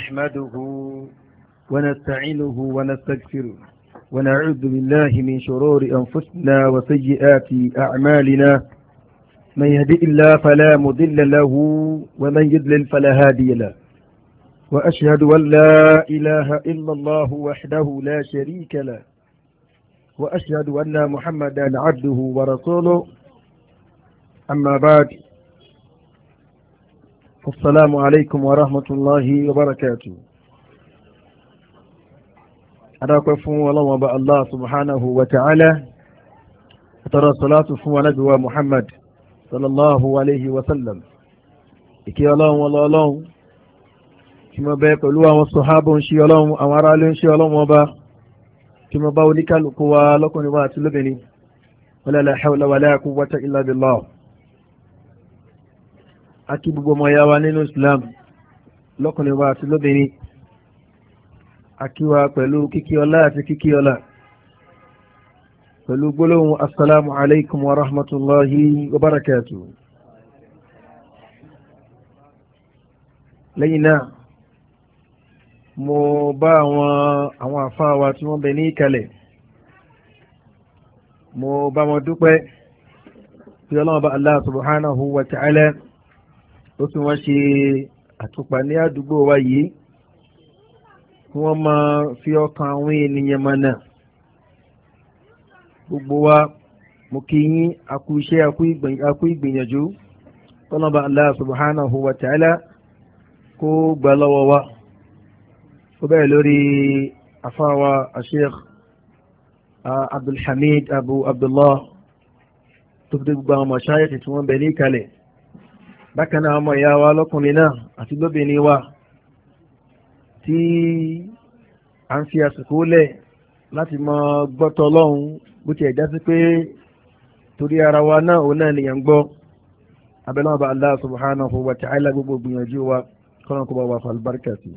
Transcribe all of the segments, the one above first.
نحمده ونستعينه ونستغفره ونعوذ بالله من شرور أنفسنا وسيئات أعمالنا من يهدئ الله فلا مضل له ومن يضلل فلا هادي له وأشهد أن لا إله إلا الله وحده لا شريك له وأشهد أن محمدا عبده ورسوله أما بعد السلام عليكم ورحمة الله وبركاته أراكم فهو الله وبأ الله سبحانه وتعالى أترى صلاة فهو ندوى محمد صلى الله عليه وسلم ìkí ọlọ́run ọlọ́run kí mo bẹ pẹ̀lú àwọn sọ̀hábọ̀ ń ṣe ọlọ́run àwọn ará ilé ń ṣe ọlọ́run ọba kí mo bá oníkálukú wa lọ́kùnrin wa àti lóbìnrin wala la hawla wala quwwata illa billah àti gbogbo ọmọ ìyá wa nínú Islam lọ́kùnrin wa àti lóbìnrin àkíwa pẹ̀lú kíkí ọlá àti kíkí ọlá pẹ̀lú gbólóhùn assalamu alaikum wa rahmatullahi wa barakatuh lẹ́yìn náà mo bá àwọn àwọn àfáà wa tí wọ́n bẹ ní ìkàlẹ̀ mo bá wọn dúpẹ́ bí ọlọ́run bá Allah subhanahu tó tún wọ́n ṣe àtúpa ní àdúgbò wa yìí kí wọ́n máa fi ọkàn àwọn ènìyàn mọ̀nà gbogbo wa mo kí yín akú iṣẹ́ akú ìgbìyànjú tọ́lọ́ba Allah subhanahu wa ta'ala kó gbà lọ́wọ́ wa ó bẹ̀rẹ̀ lórí afáwa asheikh Abdulhamid Abu Abdullah tó fi dé gbogbo àwọn mọ̀ṣáyẹ̀ tí wọ́n bẹ̀ ní ìkàlẹ̀ bákan náà ọmọ ìyá wa lọ́kùnrin náà àti lóbìnrin wa tí a ń fi àsìkò lẹ̀ láti mọ gbọ́tọ̀ ọlọ́run bó tiẹ̀ já sí pé torí ara wa náà òun náà nìyẹn ń gbọ́ abẹ́lẹ́ ọba Allah subhanahu wa ta'ala gbogbo gbìyànjú wa kọ́nà kó bá wà fún alibarika sí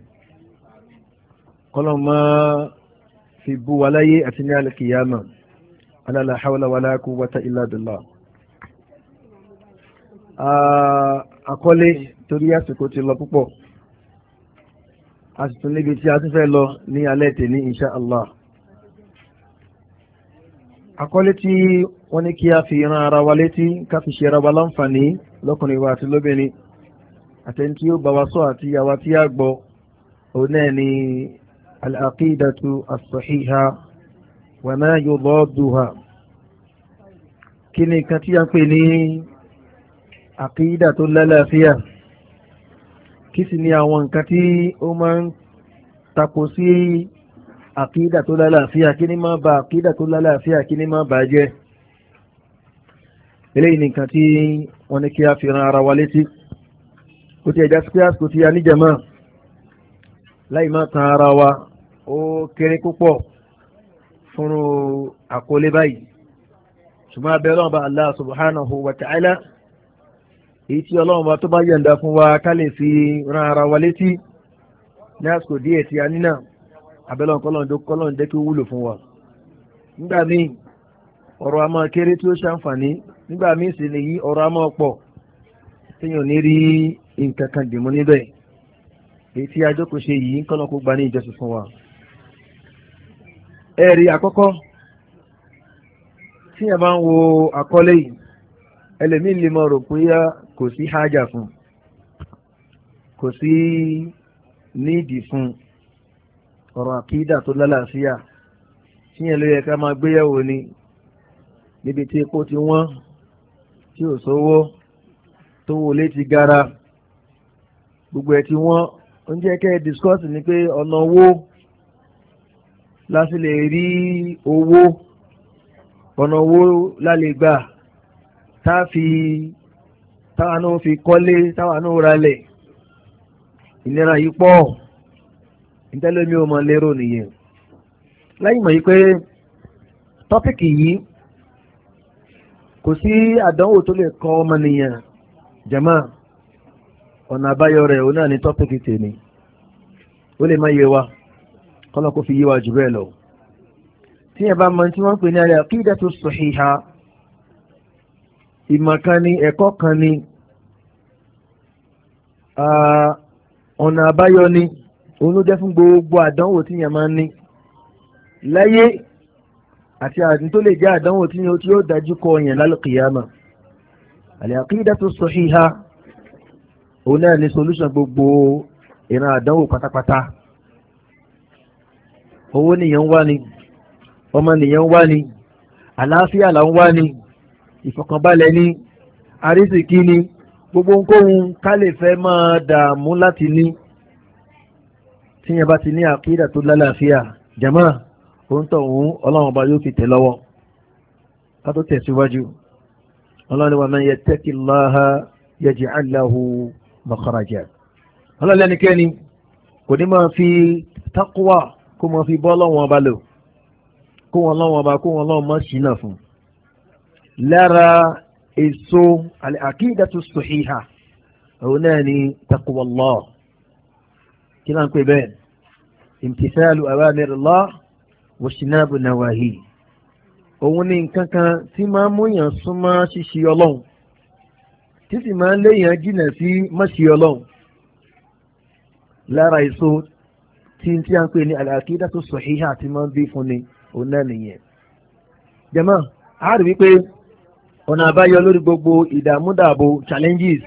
kọ́nà mọ́ fi bú wa láyé àti ní alìkìyàmà alàlà hawla wàlá quwwata illa billah àkọlé torí àsìkò ti lọ púpọ̀ a sì tún níbi tí a tún fẹ́ lọ ní alẹ́ tèmi insha allah àkọlé tí wọ́n ní kí a fi ran ara wa létí ká fi ṣe ara wa láǹfààní lọ́kùnrin wa àti lóbìnrin àtẹni tí ó bá wa sọ àti àwa tí a gbọ́ òun náà ni al-aqidatu as-sahiha wa kí ni nǹkan tí a ń pè ní àkídà tó lálàáfíà kí sì ni àwọn nǹkan tí ó máa ń tako sí àkídà tó lálàáfíà kí ni máa ba àkídà tó lálàáfíà kí ni máa bàjẹ́ eléyìí nìkan tí wọ́n ní kí a fi ran ara wa létí kò tí ẹ̀dá sí àsìkò tí a níjàmá láì má tan ara wa ó kéré púpọ̀ fún àkọlé báyìí ṣùgbọ́n abẹ́rẹ́ ọba Allah subhanahu wa ta'ala. èyí tí ọlọ́run bá fún wa ká lè fi ran ara wa létí ní àsìkò díẹ̀ tí a nínà abẹ́lẹ́ ọ̀kọ́lọ́ndé kọ́lọ́ndé kí ó wúlò fún wa. nígbà míì ọ̀rọ̀ a máa kéré tí ó ṣàǹfààní nígbà míì sì nìyí ọ̀rọ̀ a máa pọ̀ téèyàn ò ní rí nǹkan kan dìmú níbẹ̀ gba ní fún wa. ẹ̀rí àkọ́kọ́ bá ń wo kò sí hájà fún kò sí nídìí fún ọ̀rọ̀ àkídà tó lálàáfíà tíyẹn ló yẹ ká máa gbéyàwó ni níbi tí epo ti wọ́n tí ò sówó tó wọlé ti gara gbogbo ẹ̀ tí wọ́n ń jẹ́ kẹ́ ẹ discuss ni pé ọ̀nà owó láti lè rí owó ọ̀nà owó lálẹ́ gbà tá a fi táwa náà fi kọ́lé táwa náà ralẹ̀ ìnira yìí pọ̀ ìtẹ́lẹ́mi ò mọ lérò nìyẹn lẹ́yìn mọ̀ yìí pé tọ́pìkì yìí kò sí àdánwò tó lè kọ ọmọnìyàn jàmá ọ̀nà àbáyọ rẹ̀ òun náà ní tọ́pìkì tèmi ó lè má yé wa kọ́lọ́ kó fi yé wa jù bẹ́ẹ̀ lọ mọ tí ìmọ̀ kan ni ẹ̀kọ́ kan ni ọ̀nà àbáyọ ni òun ló jẹ́ fún gbogbo àdánwò tí yẹn máa ń ní láyé àti àdín tó lè jẹ́ àdánwò tí yẹn tí yóò dájú kọ yẹn lálùkìyàmà al-aqidatu sahiha òun náà ni solution gbogbo ìran àdánwò pátápátá owó nìyẹn ń wá ni ọmọ nìyẹn ń wá ni àlàáfíà là ń wá ni ìfọ̀kànbalẹ̀ ni àrísìkí ni gbogbo nkóhun ká lè fẹ́ máa dààmú láti ní tíyẹn bá ti ní àkídà tó lálàáfíà jama òun tó òun ọlọ́run ọba yóò fi tẹ̀ lọ́wọ́ ká tó tẹ̀síwájú ọlọ́run wa man yattaqillaha yaj'al lahu makhraja ọlọ́run ẹnikẹ́ni kò ní máa fi taqwa kó máa fi bọ́ ọlọ́run ọba lò kó wọn ọlọ́run ọba kó wọn ọlọ́run má ṣìnà fún un lára èso àkídàtú sòhíhà òun náà ni takuwallah kí náà ń pè bẹ́ẹ̀ imtithalu awamirillah wa shinabu nawahi òun ni nǹkan kan tí máa ń múyàn súnmọ́ ṣíṣe ọlọ́run tí sì máa ń léyàn jìnnà sí mọ́ṣe ọlọ́run lára èso tí n tí a ń pè ní àlàkídà tó sọ̀híhà tí máa ń bí fún ni òun náà nìyẹn. jẹ́mọ́ a rí wípé ọ̀nà àbáyọ lórí gbogbo ìdààmúdàbò challenges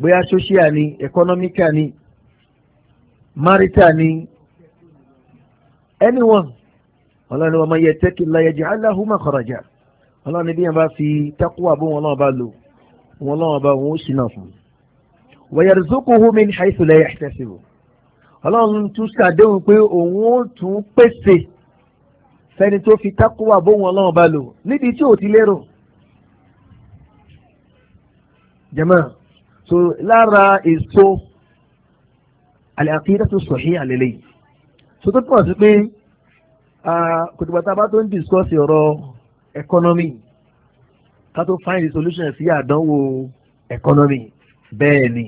bóyá social ni economical ni marital ni anyone ọlọ́ni wa man yattaqillaha yaj'al lahu makhraja ọlọ́ni bí yẹn bá fi taqwa bó wọn náà bá lò wọn náà bá wọn ó sì náà fún un wa yarzuquhu min haythu la yahtasibu ọlọ́run tún ṣàdéhùn pé òun ó tún pèsè fẹ́ni tó fi taqwa bóun ọlọ́run bá lò níbi tí ò ti lérò jama so lára èso al-aqidatu sahiha lélẹ́yìí so tó túmọ̀ sí pé kòtùbàtà bá tó ń discuss ọ̀rọ̀ economy ká tó find the solution sí àdánwò economy bẹ́ẹ̀ ni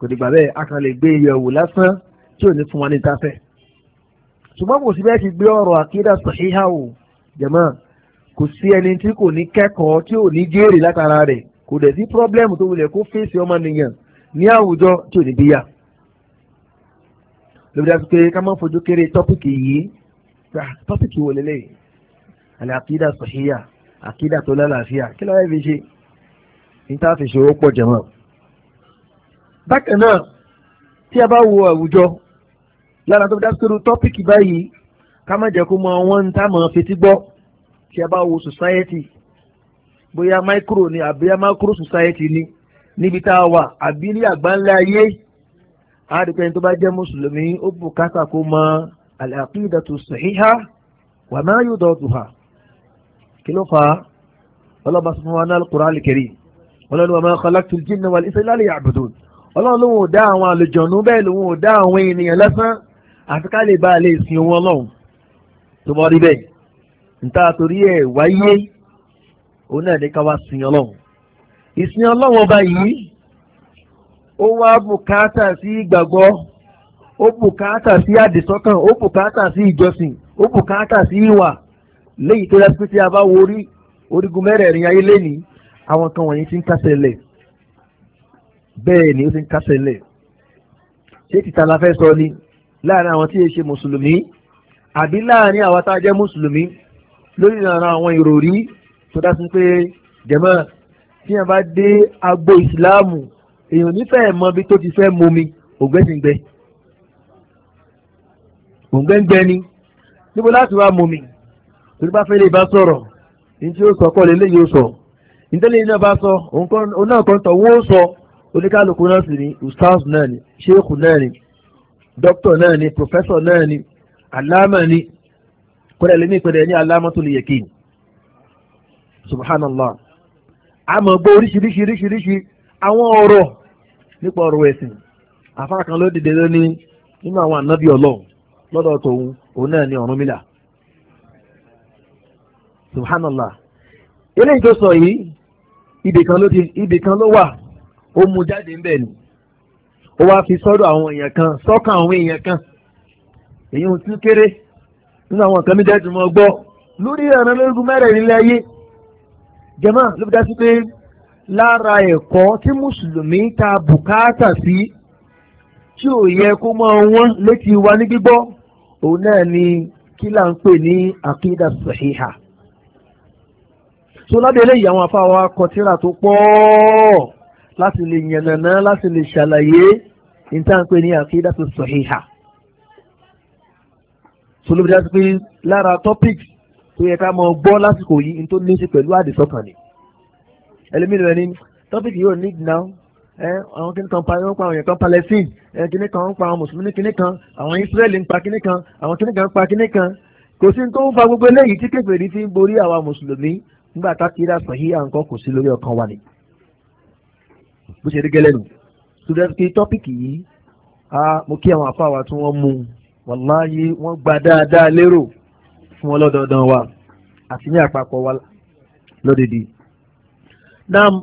kò dìgbà bẹ́ẹ̀ a kàn lè gbé ìyẹ̀wò lásán tí ò ní fún wa ní tafẹ́ ṣùgbọ́n kò sí bẹ́ẹ̀ ti gbé ọ̀rọ̀ àkídà sahiha o jẹ̀mọ́ kò sí ẹni tí kò ní kẹ́kọ̀ọ́ tí ò ní jèrè látara rẹ̀ kò dẹ̀ sí pírọ́blẹ́mù tó wulẹ̀ kó fèsì ọmọnìyàn ní àwùjọ tí ò ní bí yá lóbi dájú pé ká má fojú kéré tọ́pìkì yìí tọ́pìkì wo lélẹ́yìí àlẹ́ àkídà sọ̀híyà àkídà tó lálàáfíà kí ló wáyé fi ṣe ní tá a fi ṣòro pọ̀ jẹ̀mọ́. bákan náà tí a bá wo àwùjọ lára tó dájú pé tọ́pìkì báyìí ká má jẹ́ kó mọ àwọn ń tá mọ̀ fetí gbọ́ tí a bá wo society bóyá micro ni àbí macro society ni níbi tá a wà àbí ní àgbáńlá ayé àádìpẹ́ni tó bá jẹ́ mùsùlùmí ó bùkátà kó mọ al sahiha wa ma yudatuha kí ló fà á ọlọ́ba sọ fún wa ní al-Qur'an ọlọ́run wa ma khalaqtul jinna wal insa illa liya'budun ọlọ́run lòun òun náà ní ká wá sin ọlọ́run ìsìn ọlọ́run ọba yìí ó wá bùkátà sí ìgbàgbọ́ ó bùkátà sí àdìsọ́kàn ó bùkátà sí ìjọsìn ó bùkátà sí ìwà léyìí tó yàtọ̀ tí a bá wo orí orígun mẹ́rẹ̀ẹ̀rin ayé lẹ́ni àwọn kan wọ̀nyí ti ń kásẹ̀ ni ó ti ń kásẹ̀ lẹ̀ ṣé tìta la fẹ́ sọ ni láàrin àwọn tí yẹ ṣe mùsùlùmí àbí láàrin àwọn tá a jẹ́ mùsùlùmí lórí ìlànà àwọn ìròrí tó dá sí pé jẹ̀mọ́ tí yẹn bá dé agbo ìsìláàmù èèyàn nífẹ̀ẹ́ mọ bí tó ti fẹ́ momi ògbẹ́sìngbẹ́ ògbẹ́ngbẹ́ ni níbo láti wá momi torí bá fẹ́ lè bá sọ̀rọ̀ ní tí ó sọ kọ́ lélẹ́ yóò sọ ìtẹ́lẹ̀ iná bá sọ òun náà kan tọ̀ wọ́n sọ oníkálukú náà sì ni ustaz náà ni sheikh náà ni doctor náà ni professor náà ni alama ni kọ́lẹ̀ lẹ́mí ìpẹ́lẹ̀ ní alama tó lè yẹ kéèyàn subhanallah àmọ́ gbọ́ oríṣiríṣi oríṣiríṣi àwọn ọ̀rọ̀ nípa ọ̀rọ̀ ẹ̀sìn àfáà kan ló dìde lónìí nínú àwọn ànábì ọlọ́run lọ́dọ̀ tòun òun náà ni Ọ̀rúnmìlà subhanallah eléyìí tó sọ yìí ibì kan ló ti ibì kan ló wà ó mú jáde ńbẹ̀ ni ó wá fi sọ́dọ̀ àwọn èèyàn kan sọ́kàn àwọn èèyàn kan èyí ò tún kéré nínú àwọn kan mi dẹ́tù mọ́ gbọ́ lórí ẹ̀rọ lórí mẹ́rẹ̀ẹ́rin lẹ́yìn jẹ́mọ́ ló fi dá sí pé lára ẹ̀kọ́ tí mùsùlùmí ta bùkátà sí tí ò yẹ kó máa wọ́n létí wa ní gbígbọ́ òun náà ni kí là ń pè ní àkídà sàhíhà so lábẹ́ eléyìí àwọn afáwa kọtíra tó pọ̀ láti lè yànnàná láti lè ṣàlàyé níta ń pè ní àkídà sàhíhà so ló fi dá pé lára topics tó yẹ ká mọ gbọ́ lásìkò yìí n tó ní í ṣe pẹ̀lú àdìsọ́kàn ni ẹlẹ́mìnira ẹni tọ́pìkì yóò need now àwọn kìnnì kan pa wọ́n pa àwọn èèyàn kan Palestine kìnnì kan ń pa àwọn mùsùlùmí kìnnì kan àwọn Israeli ń pa kìnnì kan àwọn kìnnì kan ń pa kìnnì kan kò sí tó ń fa gbogbo eléyìí tí kèfèrí fi ń borí àwa mùsùlùmí nígbà tá kí lásán yí àǹkan kò sí lórí ọkàn wa ni bó ṣe rí gẹ́lẹ́ nù sùdẹ́sìkì tọ́pìkì yìí mo kí àwọn àfáà wa tí wọ́n mú wàláyé wọ́n gba dáadáa lérò fún ọlọ́dọọdán wa àti ní àpapọ̀ wa lódìdí. Naam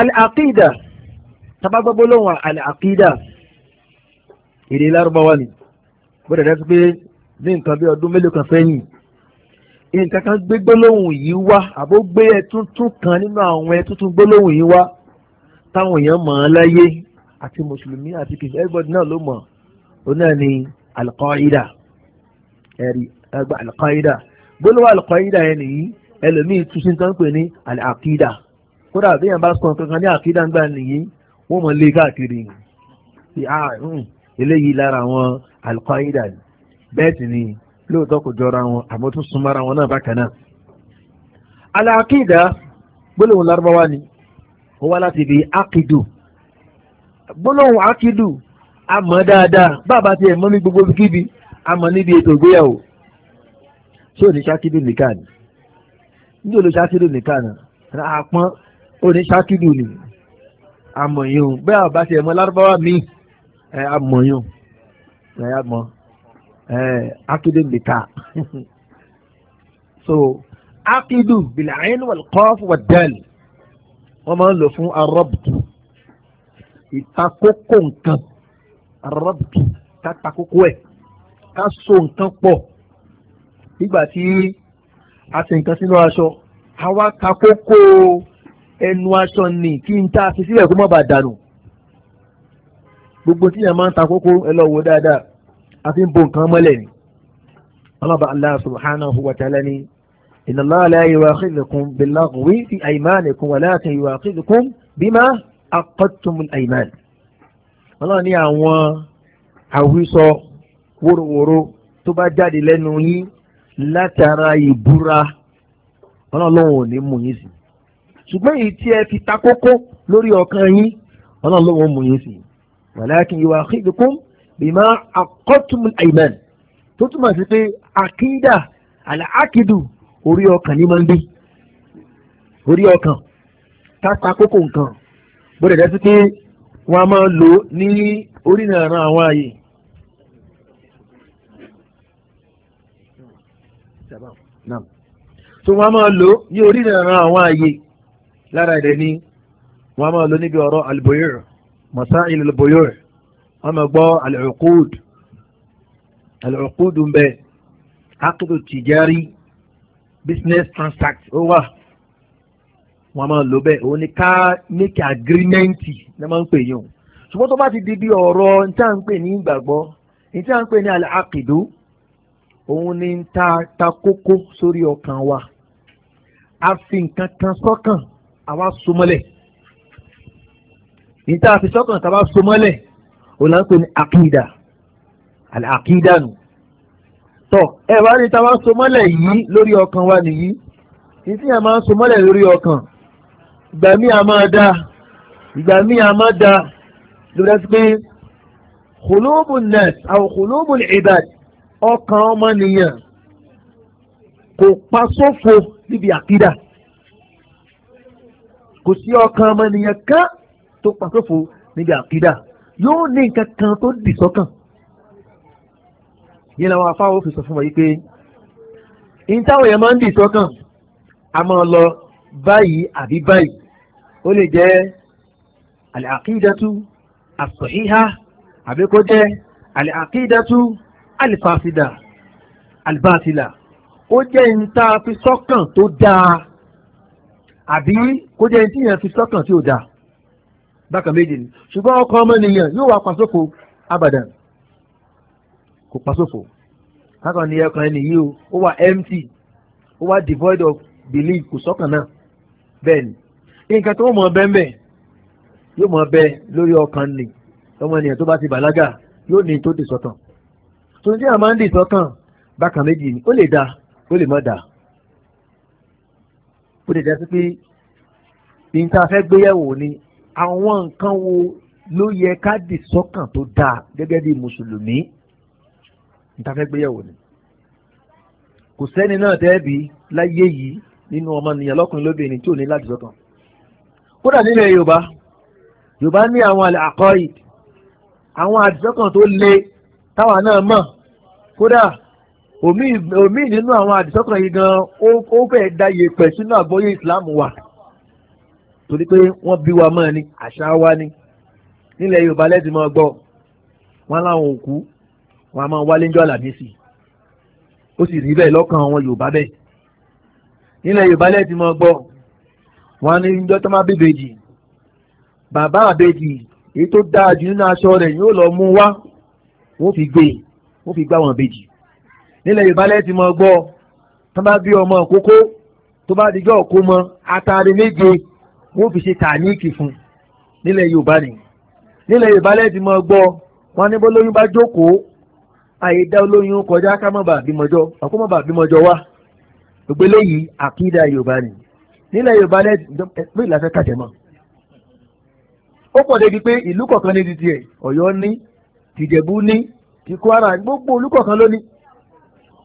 al-aqida tabagbogbo lóhùn al-aqida èdè lárúbáwá ni bó dẹ̀ dẹ́sí pé ní nǹkan bí ọdún mélòó kan sẹ́yìn nǹkan kan gbé gbólóhùn yìí wá àbó gbé ẹtúntún kan nínú àwọn ẹtúntún gbólóhùn yìí wá táwọn èèyàn mọ̀ ọ́n láyé àti mùsùlùmí àti kìsì everybody náà ló mọ̀ ọ́n náà ni al-qaida ẹ̀rí ẹgbà alqaida gbólóhùn alqaida yẹn nìyí ẹlòmíì tún sí ní tán pè ní alaqida kódà bí yẹn bá sọ kankan ní àkídà ńgbà nìyí wọ́n mọ̀ lé káàkiri ti a eléyìí lára àwọn alqaida bẹ́ẹ̀ sì ni lóòótọ́ kò jọra wọn àmọ́ tún súnmọ́ra wọn náà bákan náà. alaqida gbólóhùn lárúbáwá ni ó wá láti fi akidu gbólóhùn akidu a mọ̀ dáadáa bàbá tiẹ̀ mọ́ mi gbogbo kíbi àmọ́ níbi ètò ìgbéyàwó tí oníṣákídù nìkan ni ní olùṣákídù nìkan náà àpọ́n oníṣákídù ni àmọ̀yàn bẹ́ẹ̀ àbá ti ẹ̀mọ́ lárúbáwá mi àmọ̀yàn àmọ́ akídù nìkan so akídù bìlàyín wàlúkọ́f wàdẹ́lì wọ́n máa ń lò fún arọ́bùtù ìtakókò nǹkan arọ́bùtù kátakókò ẹ̀ ká so nǹkan pọ̀ nígbà tí a sì nǹkan sínú aṣọ àwa ta kókó ẹnu aṣọ ni kí n ta fi sílẹ̀ kó má bàa dànù gbogbo tí yẹn máa ń ta kókó ẹ lọ wò dáadáa a fi ń bo nǹkan mọ́lẹ̀ ni ọlọ́ba Allah subhanahu wa ta'ala ni inna Allah la yu'akhidhukum bil-laghwi fi aymanikum walakin yu'akhidhukum bima aqadtumul ayman ọlọ́run ní àwọn àwísọ wóróworó tó bá jáde lẹ́nu yín látara ìbúra ọlọ́run ò ní mú yín sí ṣùgbọ́n èyí tí ẹ fi ta kókó lórí ọkàn yín ọlọ́run ò mú yín sí walakin yuakhidukum bima aqadtum al-ayman tó túmọ̀ sí pé àkídà àlàákìdù orí ọkàn ní máa ń bí orí ọkàn tá ta kókó nǹkan bó dẹ̀ dẹ́ pé wọ́n á máa lò ní orí náà ran àwọn àyè náà tó wọ́n á máa lò ní oríran àwọn ààyè lára rẹ̀ ni wọ́n á máa lò níbi ọ̀rọ̀ alboyor masail alboyor wọ́n máa gbọ́ al-uqud ń bẹ aqidu tijari business transact ó wà wọ́n máa lò bẹ́ẹ̀ òun ni ká make agreement ní wọ́n máa ń pè yín o ṣùgbọ́n tó bá ti di bí ọ̀rọ̀ ní ń pè ní ìgbàgbọ́ ní ń pè ní al òun ni ń ta ta kókó sórí ọkàn wa a fi nǹkan kan sọ́kàn àwa sọmọlẹ̀ ní tá a fi sọ́kàn tàbá sọmọlẹ̀ òun là ń pè ní akida àlẹ́ akida nù tọ́ ẹ wá ní tàbá sọmọlẹ̀ yìí lórí ọkàn wa nìyí ní tí sọmọlẹ̀ lórí ọkàn ìgbà míì a máa ìgbà míì a máa lórí ẹsẹ̀ pé khulubun nas aw khulubul ibad ọkàn ọmọnìyàn kò pa sófo níbi àkídà kò sí ọkàn ọmọnìyàn kan tó pa sófo níbi àkídà yóò ní nǹkan kan tó dì sọ́kàn yìí làwọn afáwọ́ fi sọ fún wa yìí pé ìtawọ̀ yẹn máa ń dì sọ́kàn a máa lọ báyìí àbí báyìí ó lè jẹ́ al-aqidatu as-sahiha àbí kó jẹ́ al alifasida alifasila ó jẹ́ ẹni tá a fi sọ́kàn tó dáa àbí kó jẹ́ ẹni tí yẹn fi sọ́kàn tí ò dáa bákan méjì ni ṣùgbọ́n ọkọ ọmọnìyàn yóò wá pàṣófò abadan kò pàṣófò kákan ni ẹ̀kan ẹni yìí ó wà empty ó wà devoid of belief kò sọ́kàn náà bẹ́ẹ̀ ni nǹkan tó mọ̀ bẹ́ẹ̀ bẹ́ẹ̀ yóò mọ̀ bẹ́ẹ̀ lórí ọkàn ni ọmọnìyàn tó bá ti bàlágà yóò ní tó ti sọ̀tàn tuntun tí a máa ń dì sọ́kàn bákan méjì ni ó lè da ó lè má da ó lè da sí pé ní a fẹ́ gbéyẹ̀wò ni àwọn nǹkan wo ló yẹ ká di sọ́kàn tó dáa gẹ́gẹ́ bí mùsùlùmí ní a fẹ́ gbéyẹ̀wò ni kò sẹ́ni náà tẹ́ẹ̀bì láyé yìí nínú ọmọnìyàn lọ́kùnrin lóbìnrin tí ò ní láti sọ́kàn kódà nílẹ̀ yorùbá yorùbá ní àwọn àkọ́yì àwọn àdìsọ́kàn tó le táwa náà mọ̀ kódà òmíì nínú àwọn àdìsọ́kàn yìí gan ó fẹ́ da yèèpẹ̀ sínú àgbọ́yé ìsìláàmù wa torí pé wọ́n bí wa mọ́ ni àṣà wa ni nílẹ̀ Yorùbá lẹ́sì máa gbọ́ wọn láwọn òkú wọn a máa wálé ńjọ́ àlàmísì ó sì rí bẹ́ẹ̀ lọ́kàn àwọn Yorùbá bẹ́ẹ̀ nílẹ̀ Yorùbá lẹ́sì máa gbọ́ wọn ní ńjọ́ tó máa bèbèjì bàbá àbèjì èyí tó dáa jù nínú aṣọ rẹ̀ yóò lọ mú wá wọ́n fi gbé wọ́n fi gbá wọn bèjì nílẹ̀ yorùbá lẹ́yìn tí mo gbọ́ tó bá bí ọmọ kókó tó bá dijọ́ kó mọ atari méje wọ́n fi ṣe tàníìkì fún nílẹ̀ yorùbá ni nílẹ̀ yorùbá lẹ́yìn tí mo gbọ́ wọn ní bólóyún bá jókòó àyèdá olóyún kọjá ká mọ̀ bà bímọjọ́ ọkọ mọ̀ bà bímọjọ́ wá gbogbo eléyìí àkídà yorùbá ni nílẹ̀ yorùbá lẹ́yìn pé ìlàfẹ́ kàjẹ́ mọ́ ó pọ̀ débi pé ìlú kọ̀ọ̀kan ní tìjẹ̀bú ní ti Kwara gbogbo olùkọ̀ọ̀kan ló ní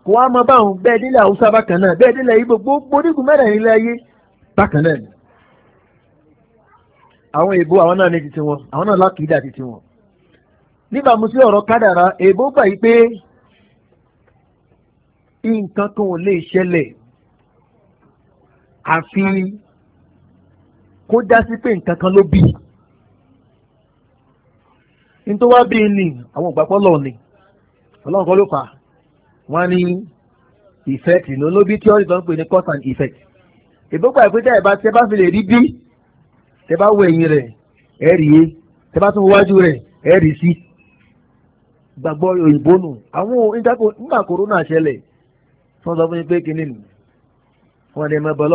kó wá mọ báwọn bẹ́ẹ̀ nílẹ̀ Haúsá bákan náà bẹ́ẹ̀ nílẹ̀ Ìgbò gbogbo onígun mẹ́rẹ̀ẹ̀rin ilé ayé bákan náà ni àwọn èèbó àwọn náà ní titi wọn àwọn náà lákìídà titi wọn níbàámu sí ọ̀rọ̀ kádàrá èèbó gbà yí pé nǹkan kan ò lè ṣẹlẹ̀ àfi kó dá sí pé nǹkan kan ló bì í. nítorí wá bí ní àwọn ìgbàpọ̀ lọ ni ọlọ́run kọ́ ló fà wọ́n ní effect ìlú ló bí tíọ́rì tó ń pè ní cause and effect ìgbópa ìpínlẹ̀ ẹ̀ bá tẹ́ bá fi lè rí bí tẹ́ bá wo ẹ̀yìn rẹ̀ ẹ̀ rí e tẹ́ bá tún wájú rẹ̀ ẹ̀ rí sí gbàgbọ́ òyìnbó nù àwọn nígbà ṣẹlẹ̀ sọ fún mi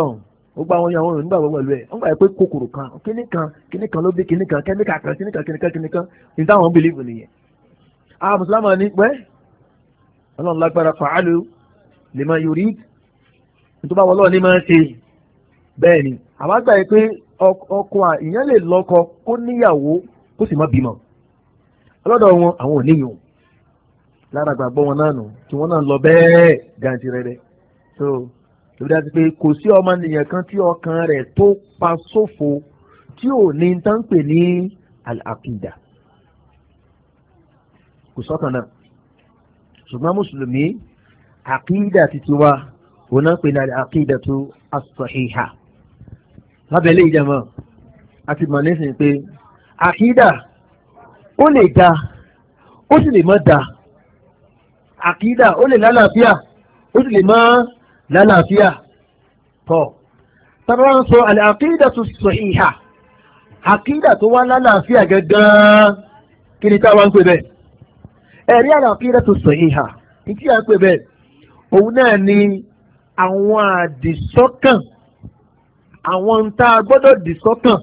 gbogbo àwọn ìyàwó rẹ̀ nígbàgbọ́ pẹ̀lú ẹ̀ wọ́n gbà pé kòkòrò kan kíní kan kíní kan ló bí kíní kan kẹ́míkà kan kíní kan kíní kan kíní kan ní táwọn bìlíìfù nìyẹn. a mùsùlùmá ní pẹ́ ọlọ́run lágbára fàálù lè máa yorí nítorí báwọn ọlọ́run ní máa ń ṣe bẹ́ẹ̀ ni àwa gbà pé ọkọ ìyẹn lè lọ́kọ kó níyàwó kó sì má bímọ ọlọ́dọ̀ wọn àwọn ò níyàn lára gbàgbọ́ wọn náà nù tí wọ́n náà lọ bẹ́ẹ̀ gàǹtì rẹ̀ rẹ̀ so lórí àti pé kò sí ọmọnìyàn kan tí ọkàn rẹ̀ tó pa sófo tí ò ní tán pè ní al-aqida kò sọ́kàn náà ṣùgbọ́n mùsùlùmí àkídà titi wa òun náà pè ní àkídà tó as lábẹ́lẹ́ ìjàmọ́ àti mọ̀ pé àkídà ó lè da ó sì lè má da àkídà ó lè lálàáfíà ó sì lè má lálàáfíà tọ̀ tàbí wọ́n sọ àkídà tó sọ ìhà àkídà tó wá lálàáfíà gangan kí ni táwa ń pè bẹ́ẹ̀ ẹ̀rí àkídà tó sọ ìhà ní kí à ń pè bẹ́ẹ̀ òun náà ni àwọn àdìsọ́kàn àwọn ń tá a gbọ́dọ̀ dìsọ́kàn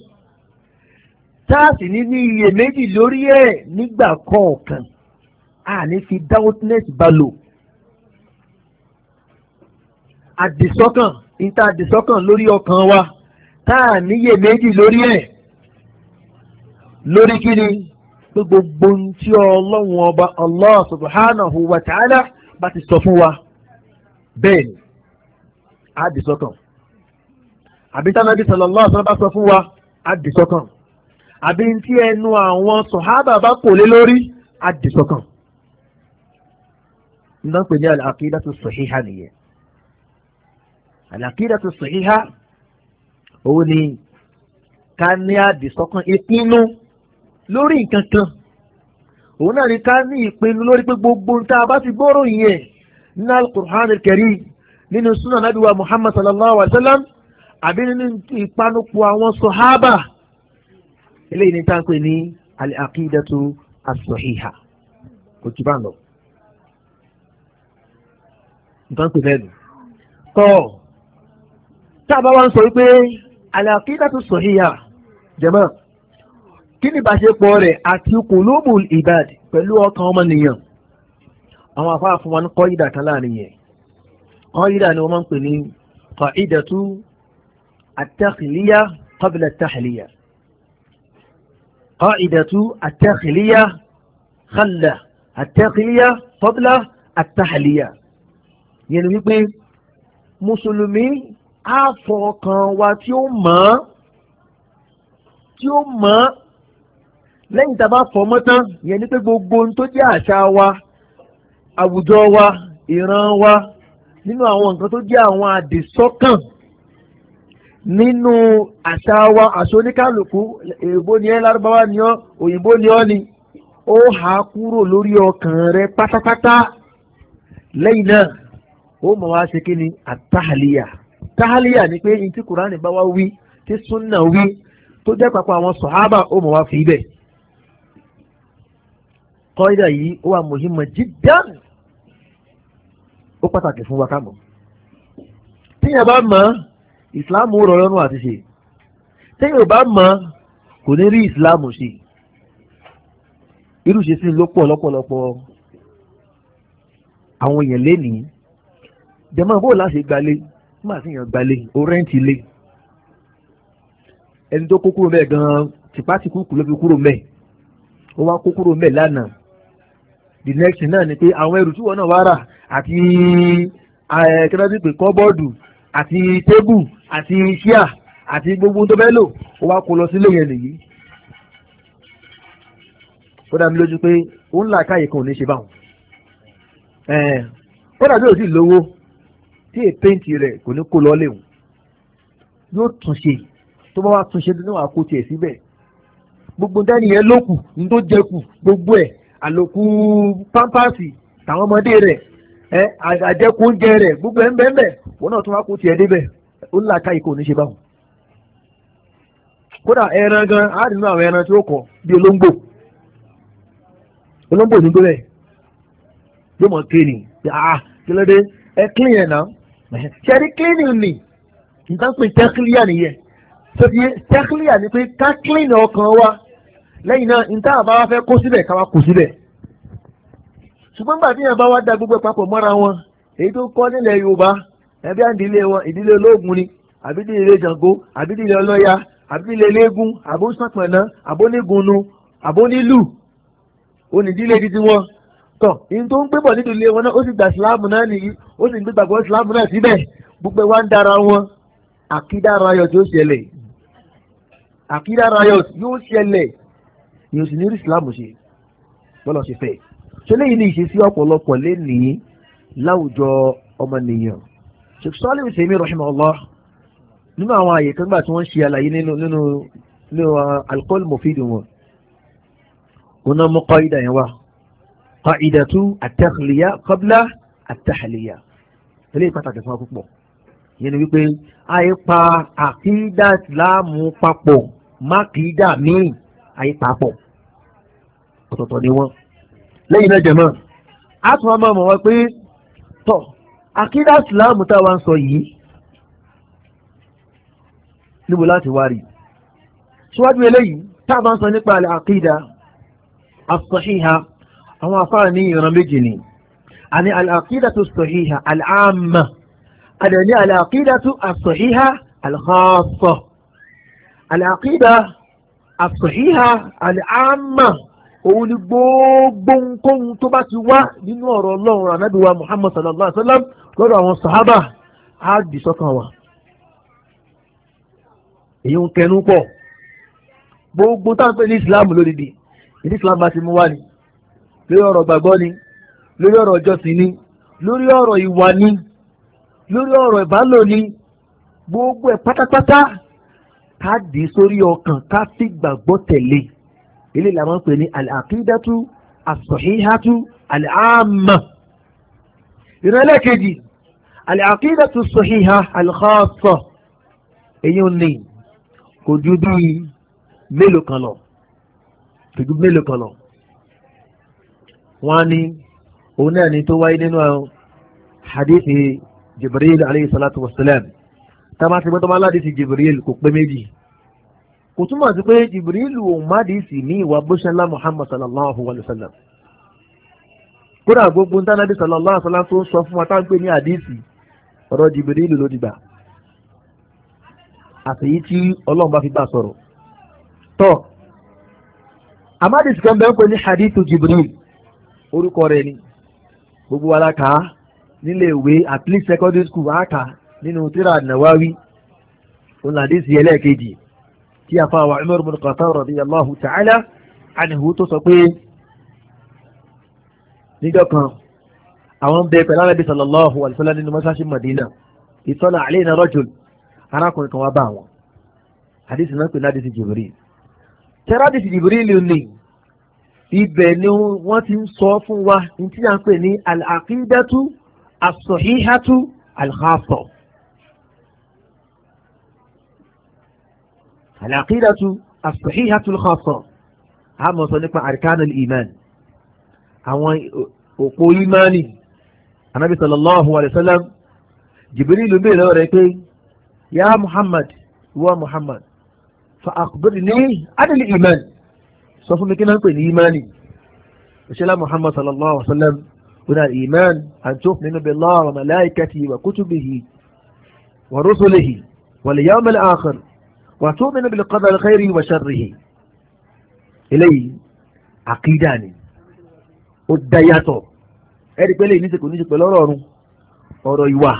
tá a sì ní ní iyèméjì lórí ẹ̀ nígbà kọ̀ọ̀kan a ní fi doubtness balò àdìsọ́kàn níta àdìsọ́kàn lórí ọkàn wa tá à níyè méjì lórí ẹ̀ lórí kíni pé gbogbo ohun tí ọlọ́run ọba Allah subhanahu wa ta'ala bá ti sọ fún wa bẹ́ẹ̀ ni àdìsọ́kàn àbí tánàbí sallallahu alaihi wasallam bá sọ fún wa àdìsọ́kàn àbí tí ẹnu àwọn sọ̀hábà bá kò lé lórí àdìsọ́kàn. Nǹkan pè ní al-aqidatu sahiha nìyẹn al-aqidatu sahiha òun ni ká ní àdìsọ́kàn ìpinnu lórí nǹkan kan òun náà ni ká ní ìpinnu lórí pé gbogbo nta bá ti gbọ́rò yẹn nínú al-Qur'an al-Karim nínú sunan nabiwa Muhammad sallallahu alayhi wa sallam àbí nínú ìpanupọ̀ àwọn sọ̀hábà eléyìí ni táǹpé ní al-aqidatu as kò jù bá lọ. nǹkan pè lẹ́nu tọ́ tá a bá wá ń sọ wípé al-aqidatu sahiha jẹ̀mọ́ kí ni ìbáṣepọ̀ rẹ̀ àti qulubul ibad pẹ̀lú ọkàn ọmọnìyàn àwọn afáà fún wa ní kọ́ídà kan láàrin yẹn kọ́ídà ni wọ́n máa ń pè ní kọ́ídàtú at-takhliya qabla at-tahliya kọ́ídàtú at-takhliya khalla yẹn ni wípé mùsùlùmí á fọ ọkàn wa tí ó mọ́ tí ó mọ́ lẹ́yìn tá a bá fọ mọ́ tán yẹn ni pé gbogbo ohun tó jẹ́ àṣà wa àwùjọ wa ìran wa nínú àwọn nǹkan tó jẹ́ àwọn àdìsọ́kàn nínú àṣà wa àṣoníkàlùkù èèbó ni ẹ́ lárúbáwá ni ọ́ òyìnbó ni ọ́ ni ó há kúrò lórí ọkàn rẹ pátápátá lẹ́yìn náà ó mọ̀ wá ṣe kí ni àtàlíyà táhálíyà ni pé ní tí kùránì bá wá wí tí súnà wí tó jẹ́ papọ̀ àwọn sọ̀hábà ó mọ̀ wá fi bẹ̀. kọ́ńdà yìí ó wà mùhímọ̀ jiddan ó pàtàkì fún wa ká mọ̀. tíyẹn bá mọ̀ ìsìláàmù rọ̀ lọ́rùn àti ṣe tíyẹn ò bá mọ̀ kò ní rí ìsìláàmù ṣe irú ṣe sí ló pọ̀ lọ́pọ̀lọpọ̀ àwọn èèyàn lénìí jẹ́mọ́ bó láṣẹ gbalé nígbà tí èèyàn gbalé o rẹ́ǹtì ilé ẹni tó kó kúrò mẹ́ẹ̀ gan-an tìpátìkú kù ló fi kúrò mẹ́ẹ̀ ó wá kó kúrò mẹ́ẹ̀ lánàá the next náà ni pé àwọn ẹrù tí wọn náà wá rà àti kẹ́tàbí pé kọ́bọ́ọ̀dù àti tébù àti ṣíà àti gbogbo tó fẹ́ lò ó wá kó lọ sílé yẹn nìyí ó dá mi lójú pé ó ń là káyè kan ò ní ṣe báwọn ó dàbí ò sì lówó tí è péǹtì rẹ̀ kò ní kó lọ́lé yóò túnṣe tó bá wá túnṣe nínú àkótì ẹ̀ síbẹ̀ gbogbo dání yẹn ló kù ní tó gbogbo ẹ̀ àlòkù pampasì tàwọn ọmọdé rẹ̀ ẹ àjẹkù oúnjẹ rẹ̀ gbogbo ẹ̀ ń bẹ́ẹ̀ wọn náà tún wá débẹ̀ ó báwọn kódà ẹran gan àwọn ẹran tí ó kọ bí olóńgbò olóńgbò yóò mọ̀ kéènì ẹ ṣẹ́rí cleaning ni nǹkan pé tẹ́kílíà nìyẹn sọ́tí tẹ́kílíà ni pé ká clean ọkàn wa lẹ́yìn náà nǹkan àbá wa fẹ́ kó síbẹ̀ ká wa kó síbẹ̀ ṣùgbọ́n nígbà tí yẹn bá wá da gbogbo papọ̀ mọ́ra wọn èyí tó kọ́ nílẹ̀ Yorùbá ẹbí àǹdílé wọn ìdílé olóògùn ni àbídílé ilé Ṣàngó àbídílé ọlọ́ya àbídílé eléégún àbóṣàpọ̀nà àbónígunnu àbónílù onídílé títí wọn tọ̀ ìyẹn tó ń gbé bọ̀ nínú ilé wọn náà ó sì gba ìsìláàmù náà nìyí ó sì ń gbé gbàgbọ́ ìsìláàmù náà síbẹ̀ gbogbo wa ń dára wọn àkídára ayọ̀ tí ó ṣẹlẹ̀ àkídára ayọ̀ yóò ṣẹlẹ̀ yóò sì ní rí ìsìláàmù ṣe bọ́lá ṣe fẹ́ ṣe léyìí ní ìṣesí ọ̀pọ̀lọpọ̀ lénìí láwùjọ ọmọnìyàn Sheikh Salih Uthaymin rahimahullah nínú àwọn àyè kan gbà tí wọ́n ṣe àlàyé nínú nínú uh, alqawl mufid wọn òun náà mú kọ́ ìdá qaidatu at-takhliya qabla at-tahliya eléyìí pàtàkì fún wa púpọ̀ yẹn ni wípé àyè pa àkídà ìsìláàmù papọ̀ mákìdà míì àyè papọ̀ ọ̀tọ̀ọ̀tọ̀ ni wọ́n lẹ́yìn náà jẹ̀mọ́ a tún máa mọ̀ wá pé tọ̀ àkídà ìsìláàmù tá a wá ń sọ yìí níbo láti wá rí síwájú eléyìí tá a bá ń sọ nípa àkídà as àwọn afáà ní ìran méjì ni àní al-aqidatu as-sahiha al-amma àdàní al-aqidatu as-sahiha al-khassa al-aqida as-sahiha al-amma òun ni gbogbo nǹkan tó bá ti wá nínú ọ̀rọ̀ ọlọ́run anábìwá muhammad sallallahu alayhi wa sallam lọ́dọ̀ àwọn sahaba á dì sọ́kàn wa èyí ń kẹnu pọ̀ gbogbo táwọn pé ní islam lódìdí ìdí islam bá ti mú wá ni lórí ọ̀rọ̀ gbàgbọ́ ni lórí ọ̀rọ̀ ìjọsìn ni lórí ọ̀rọ̀ ìwà ni lórí ọ̀rọ̀ ìbálò ni gbogbo ẹ̀ pátápátá ká dì í sórí ọkàn ká sì gbàgbọ́ tẹ̀lé eléyìí la máa ń pè ní al-aqidatu as-sahihatu al ìrẹ́lẹ̀ kejì al-aqidatu as èyí ò ní kò ju bíi mélòó kan lọ kò ju mélòó kan lọ wọ́n ní òun náà ni tó wáyé nínú hadithi jibril alayhi salatu wasalam tá bá ti gbọ́dọ̀ máa ládìsí jibril kò pé méjì kò túmọ̀ sí pé jibril ò má dìísì ní ìwà bóṣánlá muhammad sallallahu alayhi wa sallam kódà gbogbo ń tánàbí sallallahu alayhi wa sallam tó ń sọ fún wa táwọn pè ní àdìsí ọ̀rọ̀ jibril ló dìgbà àtẹ̀yí tí ọlọ́run bá fi bá sọ̀rọ̀ tọ́ àmádìsí kan bẹ́ẹ̀ pé ní hadithu jibril orúkọ rẹ̀ ni gbogbo wa la kà á nílé ìwé at least secondary school á kà nínú tíra Nawawi òun là dísì ẹlẹ́ẹ̀kejì tí a fa àwọn Umar ibn Khattab radiyallahu ta'ala anhu tó sọ pé níjọ́ kan àwọn bẹ pẹ̀lú alábi sallallahu alayhi wa sallam nínú mọ́sáàsì Madina ìtọ́nà àlẹ́ iná rọ́jò arákùnrin kan wá bá wọn àdìsí náà pè ní àdìsí Jibril tẹ́rọ àdìsí Jibril ni ibẹ̀ ni wọ́n ti ń sọ fún wa ní tí a ń pè ní al-aqidatu as-sahihatu al-khassa. al-aqidatu as-sahihatu al-khassa a mọ̀ sọ nípa arkan al-iman àwọn òpó imani anabi sallallahu alayhi wa sallam jibril bẹ́ẹ̀ lọ́wọ́ rẹ̀ pé ya muhammad wa muhammad fa akhbirni adil iman sọ fún mi kí náà ń pè ní imani ìṣẹ́lá muhammad sallallahu alaihi wa sallam wọ́n al iman an tu'minu billahi wa malaikatihi wa kutubihi wa rusulihi wal yawmil akhir wa tu'minu bil qadari khairihi wa sharrihi eléyìí àkídà ni ó dáyàtọ̀ ẹ̀rí pé léyìí níṣekò níṣe pẹ̀lú ọ̀rọ̀ ọ̀run ọ̀rọ̀ ìwà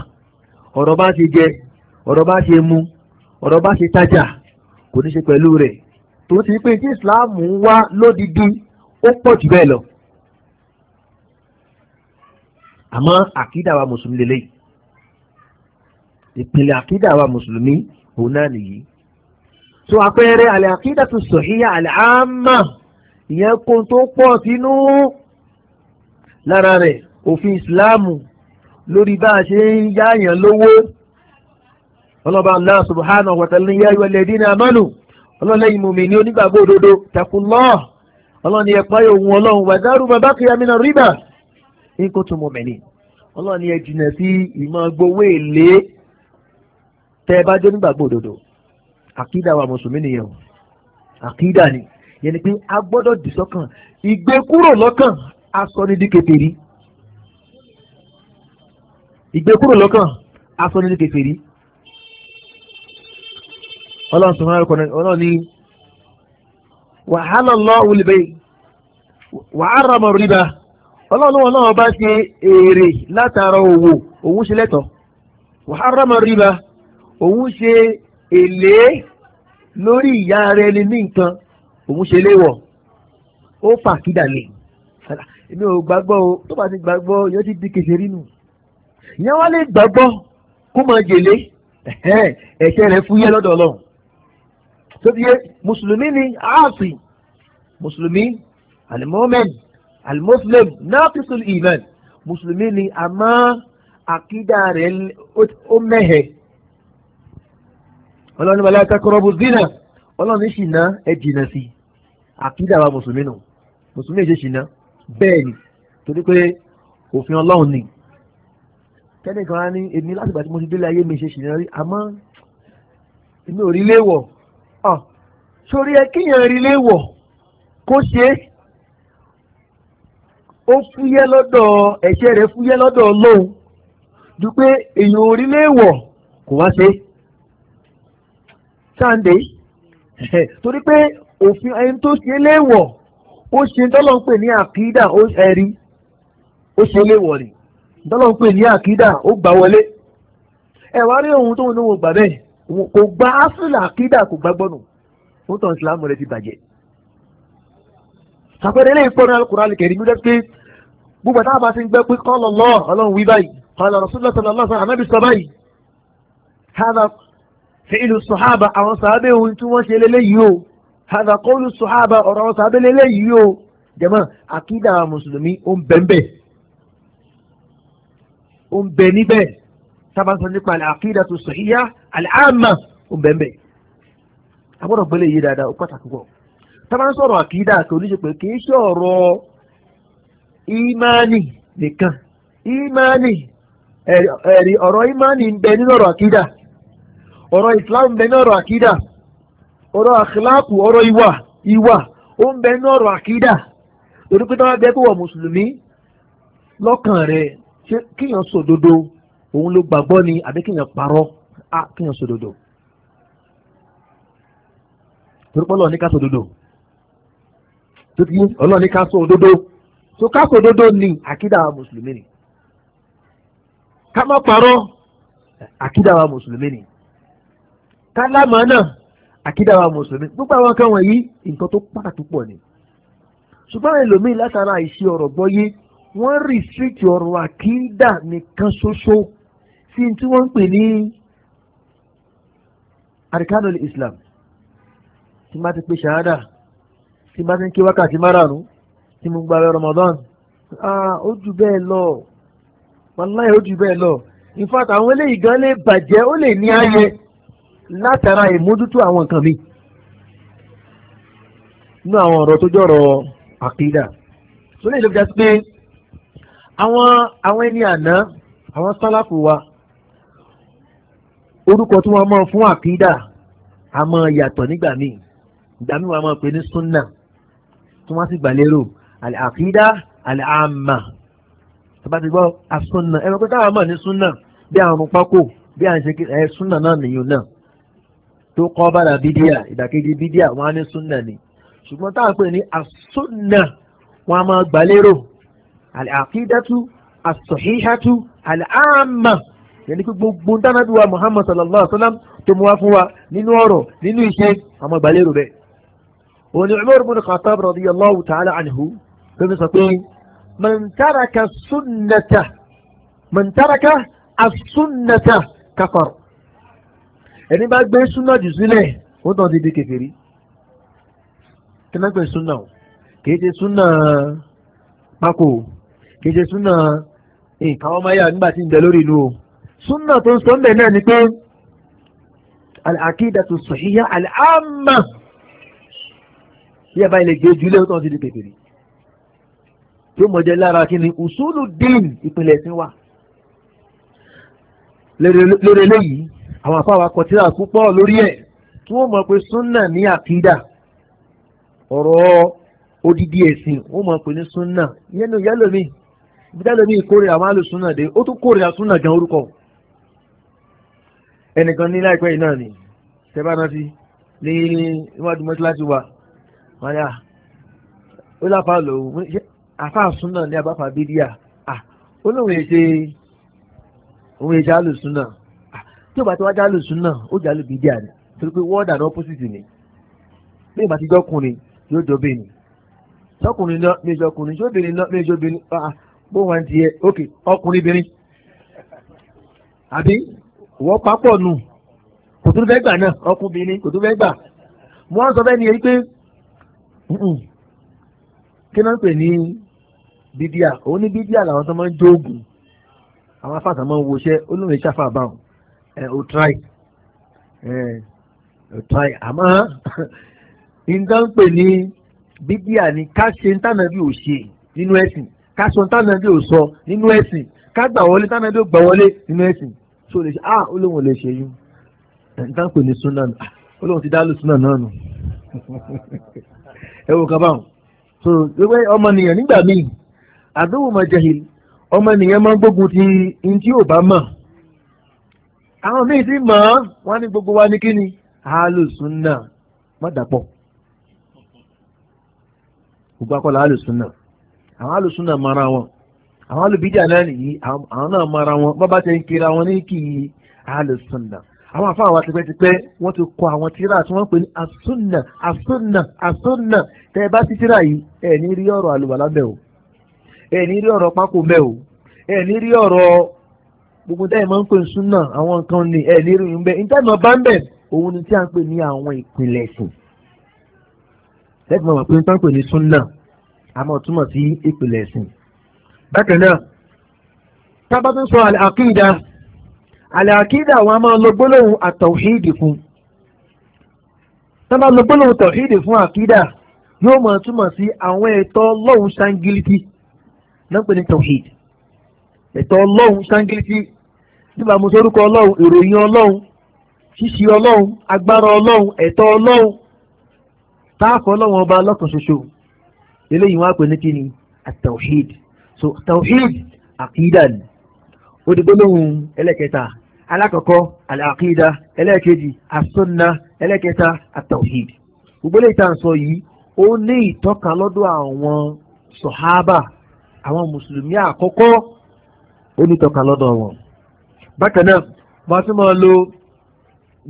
ọ̀rọ̀ bá ṣe jẹ ọ̀rọ̀ bá ṣe mu ọ̀rọ̀ bá ṣe tájà kò níṣe pẹ̀lú rẹ̀ tó ti pé tí islam ń wá lódìdí ó pọ̀ jù bẹ́ẹ̀ lọ. àmọ́ àkídà wa mùsùlùmí lélẹ́yìí ìpìlẹ̀ àkídà wa mùsùlùmí òun náà nìyí. tó àpẹẹrẹ àlẹ́ àkídà tó sọ̀híyà àlẹ́ àmà ìyẹn kó tó pọ̀ sínú lára rẹ̀ òfin ìsìláàmù lórí bá a ṣe ń yáyàn lówó. ọlọ́ba Allah subhanahu wa ta'ala ya ọlọ́lẹ́yìn mùmí ní onígbàgbọ́ òdodo takullah ọlọ́ni ẹ̀pá ohun ọlọ́run wàdárù bàbá kìyàmínà rìbà in kuntum mu'minin ọlọ́ni ẹ jìnà sí ìmọ̀ gbowó èlé tẹ́ ẹ bá jẹ́ onígbàgbọ́ òdodo àkídà wa mùsùlùmí nìyẹn o àkídà ni yẹn ni pé a gbọ́dọ̀ dì sọ́kàn ìgbé kúrò lọ́kàn asọ́ni di kèfèrí ìgbé kúrò lọ́kàn asọ́ni di kèfèrí ọlọ́run sọ fún ọlọ́run ní wàhálà lọ wùlùbẹ́ wàhálà mọ̀ rìbá ọlọ́run wọn náà bá ṣe èrè látara òwò òun ṣe lẹ́tọ̀ wàhálà mọ̀ rìbá òun ṣe èlé lórí ìyá rẹ ni ní nǹkan òun ṣe léwọ̀ ó fà kídà lè èmi ò gbàgbọ́ o tó bá ti gbàgbọ́ yóò ti di kèsèrí nù ìyẹn wá lè gbàgbọ́ kó máa jèlé ẹ̀ṣẹ̀ rẹ̀ fúyẹ́ lọ́dọ̀ ọlọ́run tó ti yé mùsùlùmí ni áàfì mùsùlùmí alimọ́mẹ́n alimọ́sílẹ̀m náàfíìsùn ìmán mùsùlùmí ni àmọ́ àkídà rẹ̀ ó mẹ́hẹ̀ ọlọ́run wala taqrabu zina ọlọ́run ṣìnà ẹ jìnà sí àkídà wa mùsùlùmí nù mùsùlùmí ṣe ṣìnà bẹ́ẹ̀ ni torí pé òfin ọlọ́run ni kẹ́nìkan á ní èmi láti gbà tí mo ti délé ayé mi ṣe ṣìnà rí àmọ́ èmi ò rí léwọ̀ Ah, sórí ẹ kíyàn rí léwọ̀ kó ṣe é ó fúyẹ́ lọ́dọ̀ ẹ̀ṣẹ̀ rẹ̀ fúyẹ́ lọ́dọ̀ Ọlọ́run ju pé èèyàn ò rí léwọ̀ kò wá ṣe é Sunday torí pé òfin ẹni tó ṣe léwọ̀ ó ṣe dọ́lọ́ ń pè ní àkídà ó ẹ̀rí ó ṣe léwọ̀ rẹ̀ dọ́lọ́ ń pè ní àkídà ó gbà wọlé ẹ̀ wá rí ohun tó ń lówó gbà bẹ́ẹ̀ kò gba asúlà àkídà kò gbàgbọ́ nù ó tàn ìsìlámù rẹ ti bàjẹ́ sàpẹẹrẹ eléyìí pọ̀ ní Al-Qur'an al-Karim jẹ́ pé gbogbo àtàwọn bá ti ń gbẹ́ pé qala Allah ọlọ́run wí báyìí qala Rasulullah sallallahu alaihi wasallam anábì sọ báyìí hàdà fìlù sọ̀hábà àwọn sàábẹ̀ ohun tí wọ́n ṣe lélẹ́yìí o hàdà qawlu sọ̀hábà ọ̀rọ̀ àwọn sàábẹ̀ lélẹ́yìí o jẹ̀mọ́ àkídà mùsùlùmí ó ń bẹ níbẹ̀ tábà sọ nípa àkídà tó sọ ìyá àlàámà òbẹ̀mẹ̀ àgbọ̀dọ̀ gbélé yé dáadáa ó pàtàkì pọ̀ tábà ń sọ̀rọ̀ àkídà tó ní ṣe pé kì í ṣe ọ̀rọ̀ ìmánì nìkan ìmánì ẹ̀rí ọ̀rọ̀ ìmánì ń bẹ nínú ọ̀rọ̀ àkídà ọ̀rọ̀ islam ń bẹ nínú ọ̀rọ̀ àkídà ọ̀rọ̀ àkìláàkù ọ̀rọ̀ ìwà ìwà ó ń bẹ nínú ọ̀rọ̀ àkídà òun ló gbàgbọ́ ni àbí kéèyàn parọ́ á kéèyàn sòdodo torípọ́lọ́ ní ká sòdodo tó ti ọlọ́ọ̀ ní ká sọ tó ká sòdodo ni àkídà mùsùlùmí ni ká má parọ́ àkídà wa mùsùlùmí ni ká lámàá náà àkídà wa mùsùlùmí gbogbo àwọn kan wọ̀nyí nǹkan tó pàtàkì pọ̀ ni ṣùgbọ́n ẹlòmíì látara àìsí ọ̀rọ̀ gbọ́yé wọ́n rìsíìtì ọ̀rọ̀ àkídà nìkan ṣoṣo sí tí wọ́n ń pè ní arikanul islam tí má ti pè ṣahada tí má ti ń ké wákàtí márààrún tí mo ń gbààwẹ̀ ramadan ah ó jù bẹ́ẹ̀ lọ wàláyé ó jù bẹ́ẹ̀ lọ in fact àwọn eléyìí gan lè bàjẹ́ ó lè ní ààyè látara ìmójútó àwọn nǹkan mi nínú àwọn ọ̀rọ̀ tó jọ̀rọ̀ àkídà tó lè lè sí pé àwọn àwọn ẹni àná àwọn sálàfù wa orúkọ tí wọ́n máa fún àkídà a máa yàtọ̀ nígbà míì ìgbà míì wọ́n máa pè ní súnà tí wọ́n sì gbà lérò àlẹ́ àkídà àlẹ́ àmà tọ́ba ti gbọ́ asúnà ẹ̀rọ pé táwọn mọ̀ ní súnà bí àrùn pákó bí à ń ṣe ẹ súnà náà nìyẹn náà tó kọ́ bára bídíà ìdàkejì bídíà wọn á ní súnà ni ṣùgbọ́n táwọn pè ní asúnà wọn a gbà lérò àlẹ́ àkídàtú àsọ̀híhàtú àlẹ́ àmà yẹni pé gbogbo dánábí wa muhammad sallallahu alayhi wa sallam tó mú wa fún wa nínú ọ̀rọ̀ nínú iṣẹ́ àmọ́ ìgbàlérò bẹ́ẹ̀. òní umar bin khattab radiyallahu ta'ala anhu tó fi sọ pé man taraka sunnata man taraka as-sunnata kafar ẹni bá gbé súnà jù sílẹ̀ ó tàn dídí kékeré kí súnà o kì í ṣe súnà pákó kì í ṣe súnà nǹkan ọmọ yà nígbà tí ń bẹ lórí inú o súnà tó ń sọ ń bẹ̀ náà ni pé al-aqidatu as-sahihah al-amma bí ẹ bá ilẹ̀ gbé jùlẹ̀ tó ń ti di kékeré tó mọ̀ jẹ́ lára kí ni usulu din ìpìlẹ̀ ẹ̀sìn wa lórí eléyìí àwọn afáwa kọ tírà púpọ̀ lórí ẹ̀ tí wọ́n mọ̀ pé súnà ní àkídà ọ̀rọ̀ odidi ẹ̀sìn wọ́n mọ̀ pé ní súnà yẹnu yẹlòmíì ibi tẹ́lòmíì kórè àwọn alùsùnà dé ó tún kórè àsúnà gan orúkọ ẹnìkan ní láìpẹ́ yìí náà ni tẹ́bá náà ti ní iwájú mọ́tíláṣí wa wọ́n ní à ó láfa lòun àfáàsùn náà ní abáfà bídíà à ó lóun èṣe òun èṣe àlùsùn náà tí ó bá ti wá já àlùsùn náà ó jà lùbí díà ni torí pé wọ́ọ̀dà náà pósìtì ni bí ìbá ti jọ́kùnrin yóò jọ́bẹ̀ ni jọ́kùnrin náà ní jọ́kùnrin jọ́bìnrin náà ní jọ́bìnrin bó wọn ti yẹ ókè ọkùnrin bìnrin àbí ìwọ papọ̀ nù kò tó fẹ́ gbà náà ọkùnrin kò tó fẹ́ gbà mo wá sọ fẹ́ ni èyí pé kí náà ń pè ní bídíà òun ní bídíà làwọn tó máa ń jóògùn àwọn afáàtà máa ń woṣẹ́ olóòrè ṣàfà báwọn ẹ ò tíráì ẹ ò tíráì àmọ́ nǹkan ń pè ní bídíà ni ká ṣe ntànàbí ò ṣe nínú ẹ̀sìn ká sọ ntànàbí ò sọ nínú ẹ̀sìn ká gbà wọlé ntànàbí ò gbà wọlé nínú ẹ̀sìn. ṣé o lè ṣe ah olóhùn lè ṣe yún nǹkan ní súnà olóhùn ti dálù súnà náà nù ẹ wò kábàá so wípé ọmọnìyàn nígbà míì àdúgbò máa jẹhìn ọmọnìyàn máa gbógun ti ní tí ò bá mọ̀ àwọn míì ti ní gbogbo wa ní kíni àálù súnà má dàpọ̀ gbogbo akọ́lá àálù súnà àwọn súnà mara wọn. àwọn alùbídà náà nìyí àwọn náà mara wọn bábá tẹ ń kiri àwọn ní kí alùsùnà àwọn afáwọn wa tipẹ́tipẹ́ wọ́n ti kọ àwọn tíra tí wọ́n pè ní asúnà asúnà asúnà tẹ ẹ bá ti tíra yìí ẹ ní rí ọ̀rọ̀ àlùbàlà bẹ́ẹ̀ o ẹ ní rí ọ̀rọ̀ pákó bẹ́ẹ̀ o ẹ ní rí ọ̀rọ̀ gbogbo táyì máa ń pè súnà àwọn nǹkan ni ẹ ní rí ń bẹ níta ìmọ̀ bá ń bẹ̀ òun ni tí a ń pè ní àwọn ìpìlẹ̀ ẹ̀sìn lẹ́gbẹ̀ẹ́ mọ̀ pé ń pè ní súnà àmọ́ túmọ̀ sí ìpìlẹ̀ ẹ̀sìn bákan náà tábà tó ń sọ àkídà àlàkídà wọn a máa lo gbólóhùn àtọ̀hídì fún tábà lo gbólóhùn tọ̀hídì fún àkídà yóò máa túmọ̀ sí àwọn ẹ̀tọ́ lọ́hùn sangiliti náà pè ní tọ̀hídì ẹ̀tọ́ ọlọ́run sángírísì nígbà mo sórúkọ ọlọ́run ìròyìn ọlọ́run ṣíṣe ọlọ́run agbára ọlọ́run ẹ̀tọ́ ọlọ́run táàfọ́ ọlọ́run ọba lọ́kàn ṣoṣo eléyìí wọ́n á pè ní kíni àtàwíìd so tawhid àkídà ni ó di ẹlẹ́kẹta alákọ̀ọ́kọ́ àkídà ẹlẹ́kẹjì àsúnà ẹlẹ́kẹta àtàwhid gbogbo lè tàn sọ yìí ó ní ìtọ́ka lọ́dọ̀ àwọn sọ̀hábà àwọn mùsùlùmí àkọ́kọ́ ó ní ìtọ́ka lọ́dọ̀ wọn bákan náà tún máa lo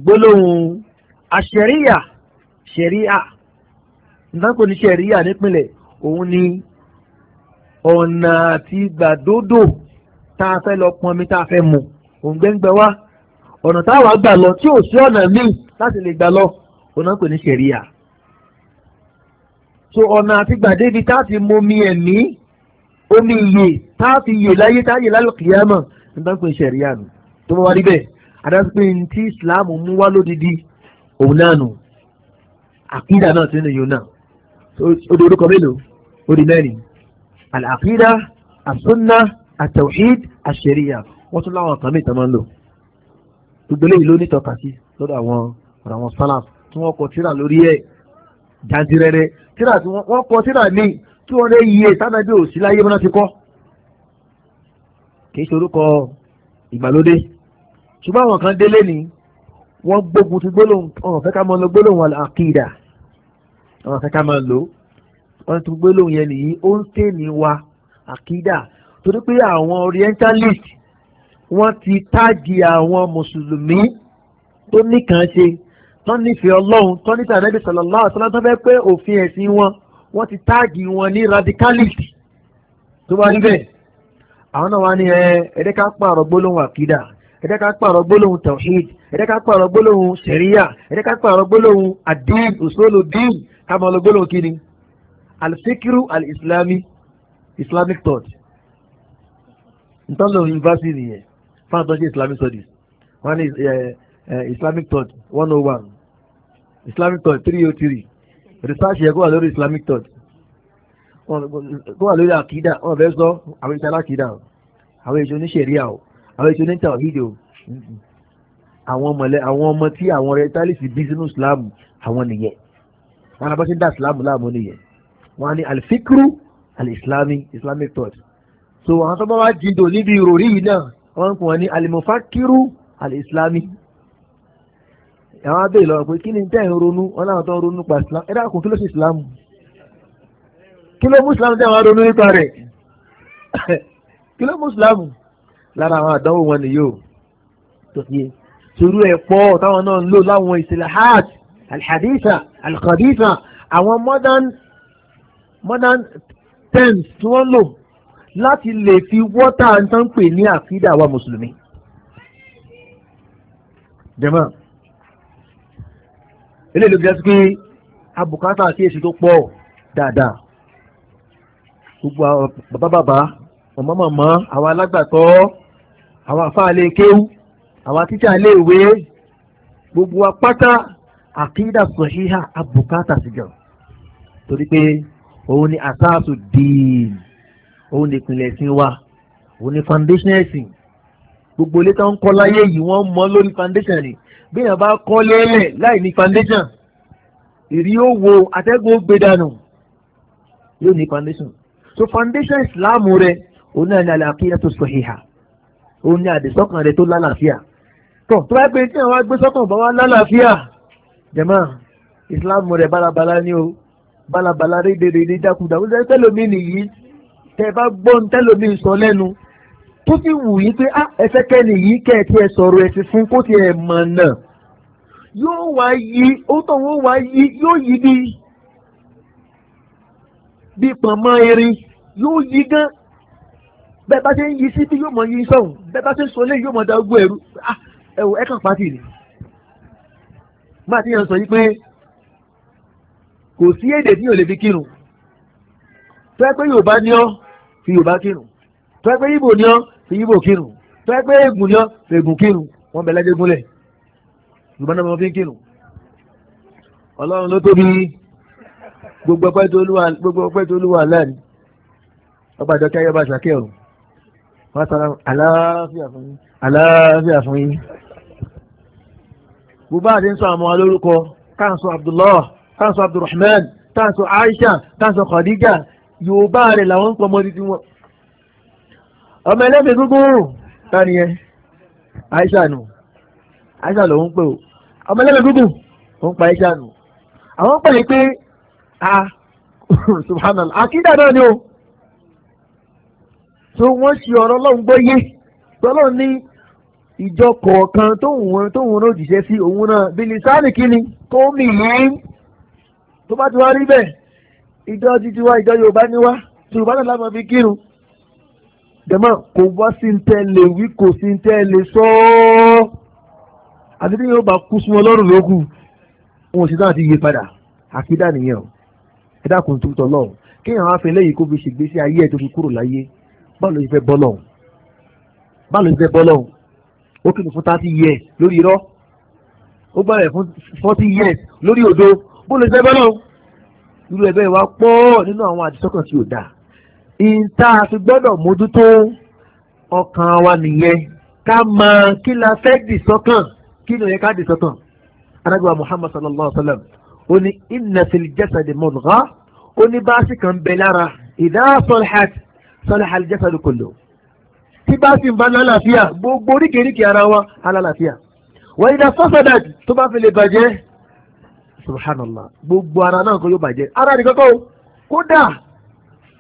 gbólóhùn àṣẹríyà ṣẹríà nǹkan kò ni ọ̀nà àti gbàdódò tá a fẹ́ lọ pọnmi tá a fẹ́ mu òǹgbẹ́ngbẹ́ wá ọ̀nà táwa gbà lọ tí ò sí ọ̀nà míì láti lè gbà lọ ọ̀nà pè ní ṣẹ̀ríà so ọ̀nà àti gbàdébi tá a ti mu omi ẹ̀mí omi ìyè tá a fi yè láyé tá a yè lálọ́ kìyàmọ̀ nígbà pé ṣẹ̀ríà nù tó bá wá rí adájọ́ pé ní tí Islam mú wá lódìdí òun náà nù àkídà náà ti nìyó náà ó di orúkọ mélòó ó di mẹ́rin àlàkídà àsúnà àtẹ̀wìd àṣẹríyà wọ́n tún láwọn kan mìíràn máa ń lò gbogbo eléyìí ló ní tọ́ka sí lọ́dọ̀ àwọn ọ̀rọ̀ àwọn sálàf tí wọ́n kọ tíra lórí ẹ̀ jantirẹrẹ tíra tí wọ́n kọ tíra ní tí wọ́n lè yí sánàbí òsì láyé mọ́ná ti kọ́ kì í ṣe orúkọ ìgbàlódé ṣùgbọ́n àwọn kan délé ni wọ́n gbógun ti gbólóhùn ọ̀hún fẹ́ ká máa lo gbólóhùn àkìdà àwọn fẹ́ ká máa lò ó wọ́n ti gbé lóhùn yẹn nìyí ó ń tè ní wa àkídà torí pé àwọn orientalist wọ́n ti táàgì àwọn mùsùlùmí tó níkan ṣe tó nífẹ̀ẹ́ ọlọ́run tó nífẹ̀ẹ́ ànábì sallallahu alaihi wasallam tó fẹ́ pé òfin ẹ̀sìn wọn wọ́n ti táàgì wọn ní radicalist tó wá níbẹ̀ àwọn náà wá ní ẹ ẹ̀dẹ́ ká pààrọ̀ gbólóhùn àkídà ẹ̀dẹ́ ká pààrọ̀ gbólóhùn tawhid ẹ̀dẹ́ ká pààrọ̀ gbólóhùn sẹ̀ríyà ẹ̀dẹ́ ká pààrọ̀ gbólóhùn àdín òṣòlù dín ká máa lọ gbólóhùn kíni alifikiru alislami islamic thought In terms ntọ́lọ̀ yunifásitì nìyẹn fún àtọ́jú islamic studies one eh, is eh, islamic thought one oh one islamic thought three oh three research yẹ kó wà lórí islamic thought kó wà lórí àkídà wọn fẹ́ sọ àwọn ìṣẹ́ alákìídà o àwọn èso oníṣẹ̀ríà o àwọn èso oníta òhídì o àwọn mọ̀lẹ́ àwọn ọmọ tí àwọn rẹ̀ tálísì bí sínú islam àwọn nìyẹn wọn abọ́ sí dá islam láàmú nìyẹn wọ́n á ní alifikru alislami islamic thought so àwọn tó bá wá jíndò níbi ìròrí yìí náà wọ́n ń pè wọ́n ní alimofakiru alislami àwọn abẹ́ ìlọrin pé kí ni tẹ́ ń ronú wọn láwọn tó ń ronú nípa islam ẹ dákun kí ló ṣe islam kí ló mú tẹ́ wọn ronú nípa rẹ̀ kí ló mú lára àwọn àdánwò wọn nìyó tó fi torú ẹ̀ pọ̀ táwọn náà ń lò láwọn ìṣẹ̀lẹ̀ hajj alhadisa alkhadisa àwọn modern More modern terms tí wọ́n lò láti lè fi wọ́tà tán pè ní àkídà wa mùsùlùmí. jẹ́mọ́ eléyìí ló gbé sí pé abùkátà àkíyèsí tó pọ̀ dáadáa gbogbo àwọn bàbá bàbá màmá màmá àwọn alágbàtọ́ àwọn àfáàlẹ́ kéwú àwọn tíṣà léèwé gbogbo apáta àkídà sọ̀híhà abùkátà sí jọ torí pé òun ni àsáàsù dìín òun ni ìpìlẹ̀ ẹ̀sìn wa òun ni foundation ẹ̀sìn gbogbo ilé tó ń kọ́ láyé yìí wọ́n mọ lórí foundation ni bí èèyàn bá kọ́ lélẹ̀ láì ní foundation ìrí ó wo atẹ́gùn ó gbé dànù yóò ní foundation so foundation islam rẹ òun náà ni al-aqidatu sahiha òun ni àdìsọ́kàn rẹ tó lálàáfíà tó tó bá gbé tí àwọn agbésọ́kàn bá wá lálàáfíà jẹ̀mọ́ islam rẹ bálabàlá ni o balabala rédèrèdè jákujá ó sẹ́ tẹ́lómi nìyí tẹ́ bá gbọ́n tẹ́lómi sọ lẹ́nu tó fi wù yí pé á ah, ẹfẹ́ kẹ́ni yìí kẹ́ ẹ tiẹ̀ sọ̀rọ̀ ẹ̀sìn fún kó tiẹ̀ mọ̀ náà yóò wá yí ó tọ̀wọ́ wá yí yóò yí bí bí pọ̀nmọ́ erin yóò yí gan bẹ́ẹ̀ bá ṣe ń yí sí bí yóò mọ̀ yí sọ̀hún bẹ́ẹ̀ bá ṣe ń sọ lé yóò mọ̀ dá gbọ́ ẹ̀rú ẹ̀wọ̀ ah, ẹ̀kan pàtì ni máa ti yàn sọ yí pé kò sí èdè tí yóò lè fi kírun tó yẹ pé yorùbá ni ọ́ fi yorùbá kírun tó yẹ pé ibo ni ọ́ fi ibo kírun tó yẹ pé ègùn ni ọ́ fi ègùn kírun wọ́n bẹ̀ lẹ́jẹ̀ gúnlẹ̀ yorùbá náà fi ń kírun ọlọ́run ló tóbi gbogbo ọpẹ́ tó olúwa gbogbo ọpẹ́ tó olúwa láàrin ọba àjọkẹ́ ayọba àṣàkẹ́ ọ̀run wọ́n sọ àlàáfíà fún yín àlàáfíà fún yín gbogbo àti ń sọ àwọn olórúkọ káà ń sọ Abdullah táǹsọ̀ Abdulrahman táǹsọ̀ Aisha táǹsọ̀ Khadija yorùbá rẹ̀ làwọn ń pọ̀ mọ́ títí wọn. ọmọ ẹlẹ́mìí gúngún ta ni yẹn Aisha nù Aisha ló ń pè ó ọmọ ẹlẹ́mìí gúngún ó ń pa Aisha nù àwọn pè é pé a subhanallah akídà náà ni o tó wọ́n ṣe ọ̀rọ̀ ọlọ́run gbọ́ yé tọ́lọ́run ní ìjọ kọ̀ọ̀kan tó wọ́n tó wọ́n náà jìṣẹ́ sí òun náà bílísánì kínní kó mi yìí tó bá ti wá rí bẹ́ẹ̀ ìjọ títí wa ìjọ yorùbá ni wá yorùbá náà láwọn fi kírun jẹ̀mọ́ kò wá sí ń tẹ́lẹ̀ wí kò sí ń tẹ́lẹ̀ sọ́ọ́ àti tí yóò bá kú sún ọlọ́run lókù wọn ò sì náà ti yí padà àkídà nìyẹn o ẹ dákun tó tọ̀ lọ́hùn kéèyàn á fẹ́ lẹ́yìn kó fi ṣègbésí ayé ẹ̀ tó fi kúrò láyé báwo ló báwo ló ti fẹ́ bọ́ lọ́hùn ó kìlọ̀ fún thirty years lórí irọ́ ó bẹ̀rẹ̀ fún forty years lórí òdo bó lè ṣe bẹ́ẹ̀ irú ẹ̀bẹ̀ ìwà pọ̀ nínú àwọn àdìsọ́kàn tí ò dáa ìta àti gbọ́dọ̀ mójútó ọkàn wa nìyẹn ká mọ kí la fẹ́ dìsọ́kàn kí ni ó yẹ ká dìsọ́kàn anábìwá Muhammad sallallahu alayhi wa sallam ó ní inna fil jasadi mudgha ó ní báàsì kan bẹ lára idha salahat salaha al jasadu kullu tí báàsì ń bá lálàáfíà gbogbo oríkèéríkèé ara wa alálàáfíà wa idha fasadat tó bá fi lè bàjẹ́ subhanallah gbogbo ara náà kan yóò bàjẹ́ ara nìkan kọ́ kódà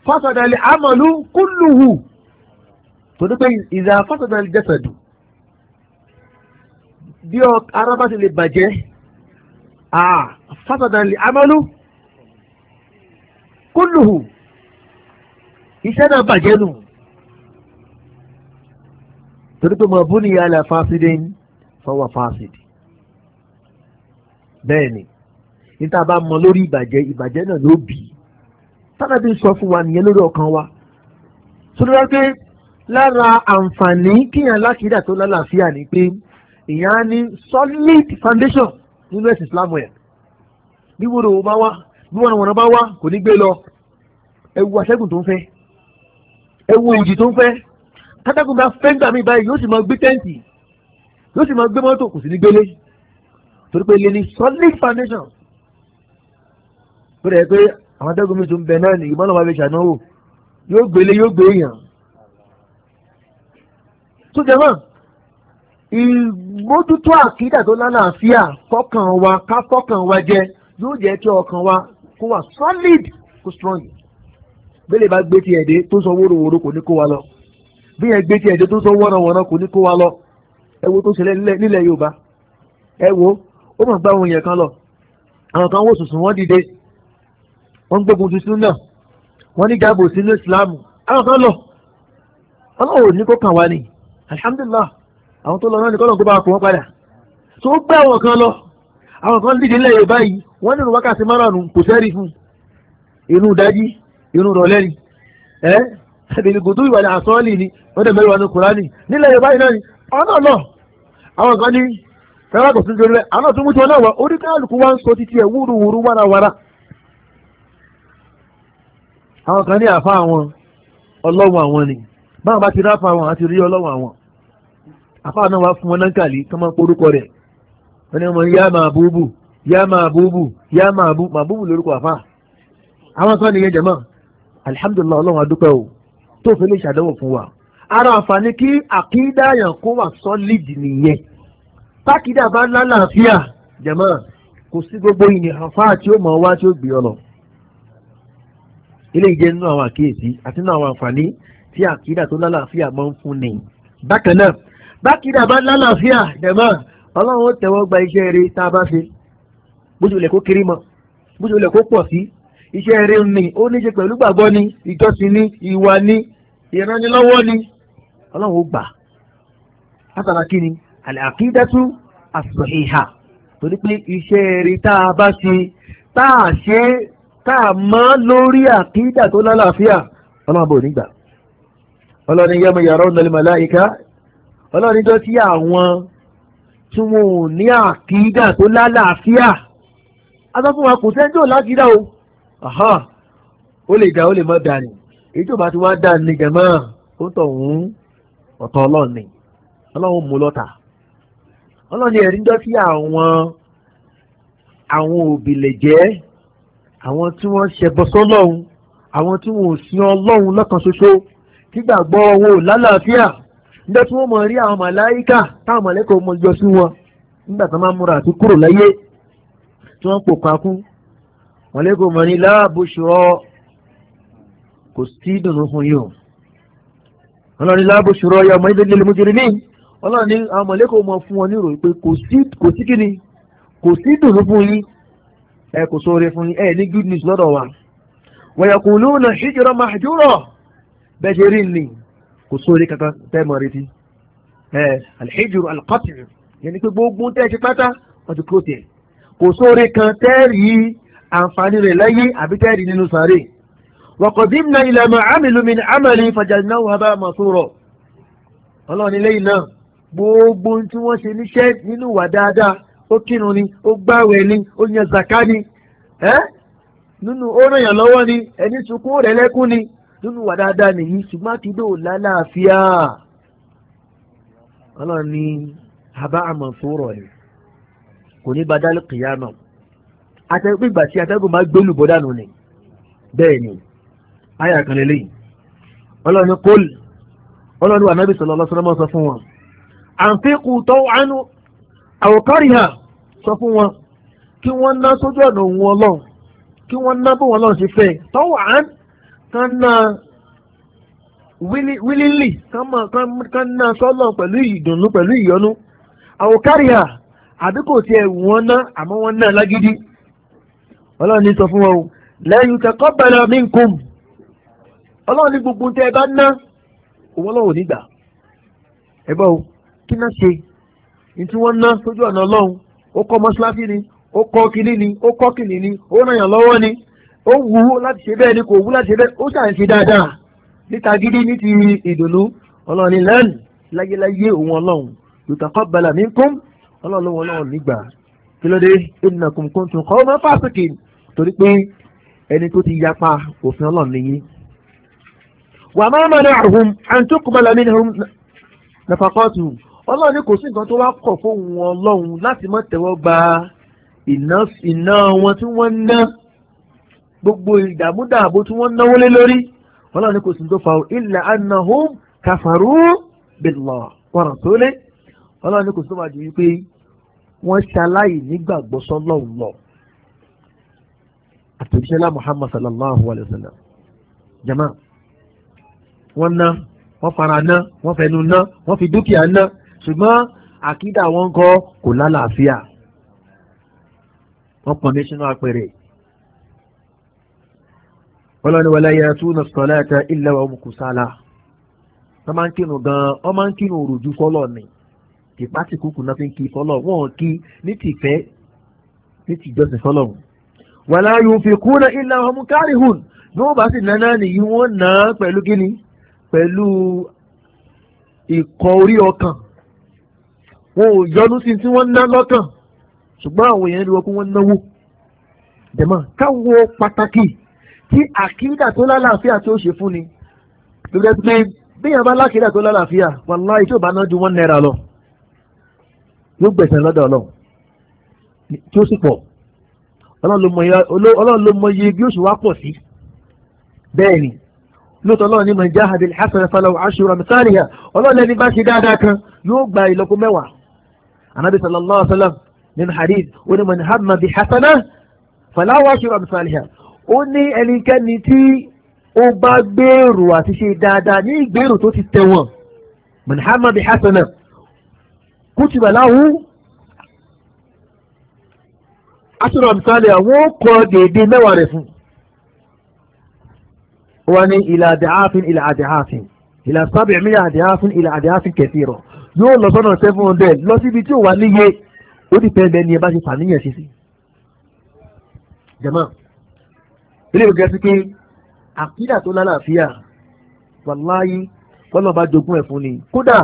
fasadàlì amalu kulluhu tó ní pé ìzà fasadàlì jasadu bí ara bá ti lè bàjẹ́ fasadàlì amalu kulluhu iṣẹ́ náà bàjẹ́ nù torí pé mọ̀ bú ni yàrá fásidé fọwọ́ fásidé bẹ́ẹ̀ ni níta bá mọ lórí ìbàjẹ́ ìbàjẹ́ náà ló bì í tánàbí sọ fún wa nìyẹn lórí ọkàn wa sọdọ́dọ́ pé lára àǹfààní kíyàn lákìídà tó lálàáfíà ni pé ìyẹn á solid foundation nínú ẹ̀sìn Islam ẹ̀ bí wúro bá wá bí wọn wọn bá wá kò ní gbé lọ ẹ wo aṣẹ́gun tó ń fẹ́ ẹ wo òjì tó ń fẹ́ kátàkùn bá fẹ́ gbà mí báyìí yóò sì máa gbé tẹ́ǹtì yóò sì máa gbé mọ́tò kò sì ní gbélé torí pé lè ní solid foundation ó rẹ̀ pé àwọn atẹ́gùn mi tún bẹ náà nìyí mọ́nà wà fi ṣàdánwò yóò gbélé yóò gbé èèyàn. tó jẹ́ mọ́ ìmójútó àkídà tó lálàáfíà fọkàn wa ká fọkàn wa jẹ yóò jẹ́ kí ọkàn wa kó wà solid kó strong bẹ́ẹ̀ bá gbé tiẹ̀ dé tó sọ wóróworó kò ní kó wa lọ bí yẹn gbé tiẹ̀ dé tó sọ wọ́nàwọ́nà kò ní kó wa lọ ẹ wo tó ṣẹlẹ̀ nílẹ̀ Yorùbá ẹ wo ó mọ̀ gbá ohun yẹn kan lọ àwọn kan wò sùsùn wọ́n dìde wọ́n gbógun ti súnà wọ́n ní gáàbò sínú ìsìláàmù àwọn kan lọ ọlọ́run ní kó kàn wá ní alhamdulillah àwọn tó lọ náà ní kọ́lọ̀ kó bá kó wọ́n padà tó gbé àwọn kan lọ àwọn kan dìde nílẹ̀ yorùbá yìí wọ́n nínú wákàtí márùn-ún kò sẹ́rí fún inú dájí inú rọ̀lẹ́ ni ẹ́ ẹ̀bìnigùdú ìwà ni àsọ́ọ́lì ni wọ́n dẹ̀ mẹ́rin wà ní kùránì nílẹ̀ yorùbá yìí náà ni ọ̀nà lọ àwọn kan ní fẹ́ràn kò sí nítorí rẹ̀ àwọn tó mú tí wọn náà wà oríkàlùkù wá ń sọ títí ẹ̀ wúruwúru wárawàra àwọn kan ní àfa àwọn ọlọ́wọ́ àwọn ni báwọn bá ti ráfa àwọn àti rí ọlọ́wọ́ àwọn àfa náà wá fún wọn lánkàlí kí wọ́n porúkọ rẹ̀ wọ́n ní wọn yá máa búbù yá máa búbù yá máa bú máa búbù lórúkọ àfa àwọn kan nìyẹn jẹ̀mọ́ alihamudulilayi ọlọ́wọ́n adúpẹ́ o tó fi lè ṣàdánwò fún wa ara àǹfààní kí àkídá yàn kó wà sọ́lìdì nìyẹn tákìdá bá lálàáfíà jẹ̀mọ́ kò sí gbogbo ìyìn àfa àti ó mọ̀ wá tí ó gbé eléyìí jẹ́ nínú àwọn àkíyèsí àti nínú àwọn àǹfààní tí àkídà tó lálàáfíà máa ń fún ni. bákan náà bákídà bá lálàáfíà dẹ̀mọ́ ọlọ́run ó tẹ̀wọ́ gba iṣẹ́ rere tá a bá ṣe bójú ilẹ̀ kó kéré mọ́ bójú ilẹ̀ kó pọ̀ sí iṣẹ́ rere ni ó ní ṣe pẹ̀lú gbàgbọ́ ni ìjọsìn ni ìwà ni ìrànlọ́wọ́ ni ọlọ́run ó gbà látara kí ni àkídàtú àsọ̀hìhà torí pé iṣẹ́ rere tá a bá ṣe tá a ṣe é tá a mọ́ lórí àkídà tó lálàáfíà ọlọ́run bò nígbà ọlọ́ni yẹ́mu yàrá ọ̀nàlẹ́ màláìka ọlọ́ni tó tí àwọn tí wọn ò ní àkídà tó lálàáfíà asọ́fún wa kò sẹ́ńtò lákìdá o ó lè dá ó lè mọ́ dání èyí tó bá ti wá dání ní jẹ̀mọ́ ó ń ọ̀tọ̀ ọlọ́run ni ọlọ́run mú lọ́tà ọlọ́ni ẹ̀rí ń dọ́ sí àwọn àwọn òbí lè jẹ́ àwọn tí wọ́n ṣẹbọ sọ́lọ́hun àwọn tí wọn ò sin ọlọ́hun lọ́kan ṣoṣo kígbàgbọ́ wọn ò lálàáfíà nígbà tí wọ́n mọ̀ rí àwọn màláíkà táwọn màláíkà mọ̀ yọ sí wọn nígbà tí wọ́n máa múra àti kúrò láyé tí wọ́n pò kakú màláíkà mọ̀ ní láàbò ṣọ́ kò sí ìdùnnú fún yìí o ọlọ́ni láàbò ṣòro ọyọ ọmọ ilé nílé mojúri ní ọlọ́ni àwọn mọ̀lẹ́kọ̀ ọmọ fún wọn nírò pé kò sí kíni kò sí ìdùnnú fún yín ẹ kò sóore fún ẹ ní good news lọ́dọ̀ wa wọ̀yẹ̀kùn ló nà hijra mahjura bẹ́ẹ̀ ṣe rí ni kò sóore kankan tẹ́ mọ̀ retí ẹ alhijru alqati yẹn ni pé gbogbo tẹ́ ṣe pátá wọ́n ti kúrò tiẹ̀ kò sóore kan tẹ́ rí àǹfààní rẹ̀ láyé àbí tẹ́ rí nínú sàárè waqadimna ila ma amilu min amali fajalnahu haba masura ọlọ́run ilé yìí náà gbogbo tí wọ́n ṣe níṣẹ́ nínú wà dáadáa ó kírun ni ó gbáwẹ̀ ni ó yan zaka ni ẹ́ nínú ó ràn yàn lọ́wọ́ ni ẹni sunkún rẹ̀ lẹ́kún ni nínú wà dáadáa nìyí ṣùgbọ́n àtidó lálàáfíà ọlọ́run ní àbá àmọ̀ tó rọ̀ ẹ̀ kò ní badálì kìyàmà atẹ́gùn ìgbà tí atẹ́gùn bá gbé lùbọ́ dànù ni bẹ́ẹ̀ ni àyà kan lélẹ́yìn ọlọ́run kọ́lù ọlọ́run wà nábì sọ̀rọ̀ mọ́ sọ fún wọn àǹfẹ́kù tọ́wọ́ àánú àwòkárì ha sọ fún wọn kí wọn ná sójú ọ̀nà òun ọlọ́run kí wọ́n ná bó wọn lọ́run ṣe fẹ́ tọ́wọ́ à ń kan ná wílílì kan ná sọ́lọ̀ pẹ̀lú ìdùnnú pẹ̀lú ìyọnu àwòkárì ha, àbí kò tiẹ̀ wọ́n ná àmọ́ wọ́n ná lágídí ọlọ́run ní sọ fún wọn o lẹ́yìn taqabbala minkum ọlọ́run ní gbogbo tẹ́ ẹ bá ná òun ọlọ́run ò ní gbà ẹ bọ́ o kí náà ṣe ntí wọ́n ná sójú ọ̀nà ọlọ́run ó kọ́ mọ́ṣáláṣí ni ó kọ́ kínní ni ó kọ́ kínní ni ó ràn lọ́wọ́ ni ó wù ú láti ṣe bẹ́ẹ̀ ni kò wù láti ṣe bẹ́ẹ̀ ó ṣàn ṣe dáadáa níta gidi ní ti ìdùnnú ọlọ́run ni lẹ́nu láyéláyé òun ọlọ́run yutaqabbala minkum ọlọ́run wọn náà nígbà kí ló dé innakum kuntum qawman fasiqin torí pé ẹni tó ti yapa òfin ọlọ́run nìyí. wa ma mana'ahum an tuqbala minhum nafaqatuhum ọlọ́run ní kò sí nǹkan tó wá kọ̀ fóun ọlọ́run láti má tẹ́wọ́ gba ìná wọn tí wọ́n ná gbogbo ìdààmúdààbò tí wọ́n náwó lé lórí ọlọ́run ní kò sí nǹkan tó fa illa annahum kafaru billah wa rasulih ọlọ́run ní kò sí tó máa jù wípé wọ́n ṣaláì nígbàgbọ́ sọ́lọ́run lọ àtòjíṣẹ́lá muhammad sallallahu alayhi wa sallam jama wọ́n ná wọ́n fara ná wọ́n fẹnu ná wọ́n fi dúkìá ná ṣùgbọ́n àkídà wọn ń kọ́ kò lálàáfíà wọ́n pọ̀n ní sínú àpẹẹrẹ ọlọ́ni wọlé yẹ tún náà sọ̀lá ẹ̀ka ilẹ̀ wa ọmọkù sálá wọ́n máa ń kírun gan-an wọ́n máa ń kírun òròjú fọ́lọ̀ ni tìpátì kúkú náà fi ń kí fọ́lọ̀ wọ́n kí ní tìfẹ́ ní tìjọsìn fọ́lọ̀ wàlá yóò fi kú náà ilẹ̀ wa ọmọ kárìhùn bí wọ́n bá sì nánà nìyí wọ́n nà á pẹ̀lú gíní pẹ̀lú ìkọ̀ orí ọkàn wọn ò yọnu sí tí wọ́n ná lọ́kàn ṣùgbọ́n àwọn èèyàn rí wọn pé wọ́n náwó dẹ̀mọ́ káwo pàtàkì tí àkídà tó lálàáfíà tó ṣe fún ni lórí pé bíyàn bá lákìdà tó lálàáfíà wàláhì tí ò bá ná ju one náírà lọ yóò gbẹ̀sẹ̀ lọ́dọ̀ ọlọ́run tí ó sì pọ̀ ọlọ́run ló mọ iye bí ó sì wá pọ̀ sí bẹ́ẹ̀ ni lóòótọ́ ọlọ́run ní mọ̀ jáhàdìl hasan falahu ashura amthaliha ọlọ́run ẹni bá ṣe dáadáa kan yóò gba ìlọ́po mẹ́wàá anabi sallallahu alaihi wa sallam nínú hadith ó ní man hamma bi hasana fàláwà ṣe àmìsàlìyà ó ní ẹnikẹ́ni tí ó bá gbèrò àti ṣe dáadáa ní ìgbèrò tó ti tẹ̀wọ̀n man hamma bi hasana kutiba lahu aṣọ àmìsàlìyà wọ́n kọ dèédé mẹ́wàá rẹ̀ fún wọn ni ìlà àdìhàfin ìlà àdìhàfin ìlà sábẹ̀ mí àdìhàfin ìlà àdìhàfin kẹsìrọ̀ yóò lọ sọ́nà seven hundred lọ síbi tí ò wá níye ó ti pẹ́ bẹ́ẹ̀ ni ẹ bá ṣe fàníyàn ṣe sí. jama ilé ìwé gẹ̀ẹ́sì pé àkídà tó lálàáfíà wàláyé kọ́nà bá jogún ẹ̀ fún ni kódà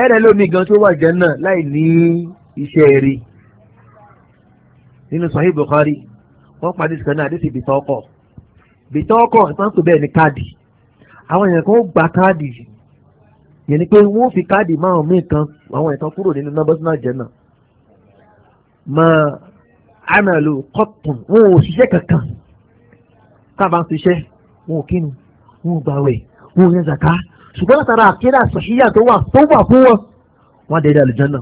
ẹ̀rẹ̀ lómi gan tó wà jẹ́ náà láì ní iṣẹ́ rí nínú Sahih Bukhari wọ́n padì sìkan náà àdéhùn bìtọ́kọ̀ bìtọ́kọ̀ ìpàǹtò bẹ́ẹ̀ ni káàdì àwọn èèyàn kan ó gba káàdì yìí yẹn ni pé wọ́n fi káàdì márùn-ún míì kan àwọn ìtàn kúrò nínú nọ́bọ́sínà jẹ́nà mọ àmàlò kọ́tùn wọn ò ṣiṣẹ́ kankan káàbà ń ṣiṣẹ́ wọn ò kínu wọn ò gbàwẹ̀ wọn ò yẹn zàká ṣùgbọ́n látara àkérè àṣàṣìyà tó wà tó wà fún wọn wọn dẹ̀dẹ̀ àlùjànnà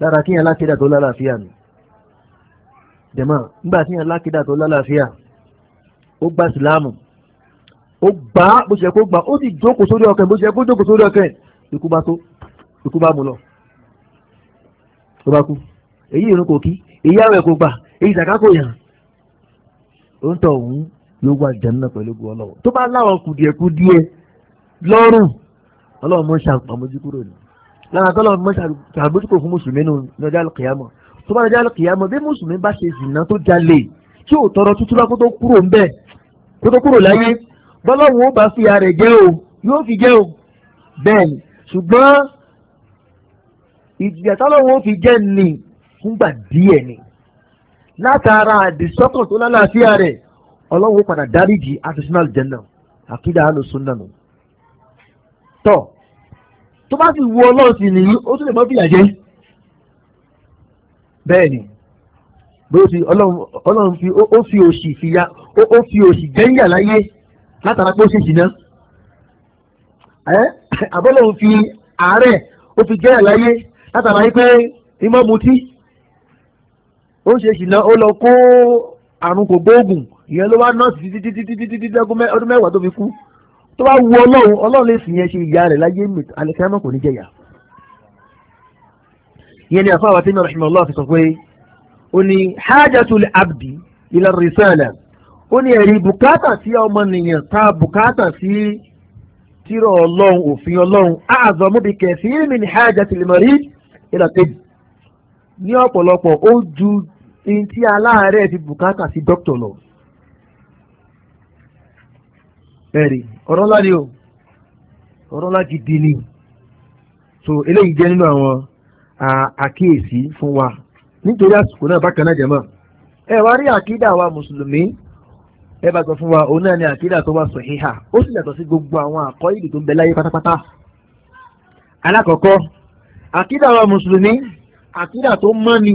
lára kíyàn lákèdà tó lálàáfíà nù jẹ̀mọ́ nígbà tíyàn lákèdà tó lálàáfíà ó gbà síláàmù ó gbà á bó ṣe kó gbà ó sì jókòó sórí ọkàn bó ṣe kó jókòó sórí ọkàn ikú bá tó ikú bá mú lọ tó bá kú èyí ìrún kò kí èyí àwẹ̀ kò gbà èyí ìsàká kò yàn ó ń tọ̀ ọ̀hún yóò wá Jánnà pẹ̀lú ògùn ọlọ́wọ́ tó bá láwọn kùdìẹ̀kùdìẹ lọ́rùn ọlọ́run mọ́ ṣàmójú kúrò ní lára tó lọ́run mọ́ ṣàmójú kúrò fún mùsùlùmí nù lọ́jọ́ àlùkìyàmọ̀ tó bá lọ́jọ́ àlùkìyàmọ̀ bí mùsùlùmí bá ṣe zìnà tó jalè tí ò tọrọ tútúrọ́ kó tó kúrò ń kó tó kúrò láyé bọ́lọ́wọ́ bá fi ara jẹ́ o yóò fi jẹ́ o bẹ́ẹ̀ ṣùgbọ́n ìjìyà fi jẹ́ ni fúngbà díẹ̀ ni látara àdìsọ́kàn tó lálàáfíà rẹ̀ ọlọ́wọ́ padà artisanal náà nù. tọ́ tó bá sì wo ọlọ́run nìyí ó tún lè mọ́ fìyà jẹ́ bẹ́ẹ̀ ni bó ti ọlọ́run fi láyé. látara pé ó sì jìnnà ẹ àbọ̀lọ̀ ń fi àárẹ̀ ó fi jẹ́ àláyé látara pé ìmọ̀ mutí ó ṣe jìnnà ó lọ kó àrùn kò gbóògùn ìyẹn ló wá nọ́ọ̀sì títí títí títí títí ọdún mẹ́wàá tó fi kú tó bá wu ọlọ́run ọlọ́run lè fìyẹn ṣe ìyá rẹ̀ láyé mi alẹ́kẹ́mọ́ kò ní jẹ̀yà. ìyẹn ni àfáà wa tí mi rahimahullah fi sọ pé ó ní hajatul abdi ila risala ó ní ẹ̀rí bùkátà sí ọmọnìyàn tá bùkátà sí tírà ọlọ́run òfin ọlọ́run àzọmú bíi kẹ̀sí mi ní hajatil marid ìlà kejì ní ọ̀pọ̀lọpọ̀ ó ju ní tí aláàárẹ̀ ti bùkátà sí dókítà lọ. ẹ̀rí ọ̀rọ̀ ńlá ni o ọ̀rọ̀ ńlá gidi ni so eléyìí jẹ́ nínú àwọn àkíyèsí fún wa nítorí àsìkò náà bákan náà jẹ́ mọ́ ẹ wá rí àkídà wa mùsùlùmí ẹ bá sọ fún wa òun náà ni àkídà tó wà sọ̀híhà ó sì yàtọ̀ sí gbogbo àwọn àkọ́yìlì tó ń bẹ láyé pátápátá. alákọ̀ọ́kọ́ àkídà wa mùsùlùmí àkídà tó mọ́ ni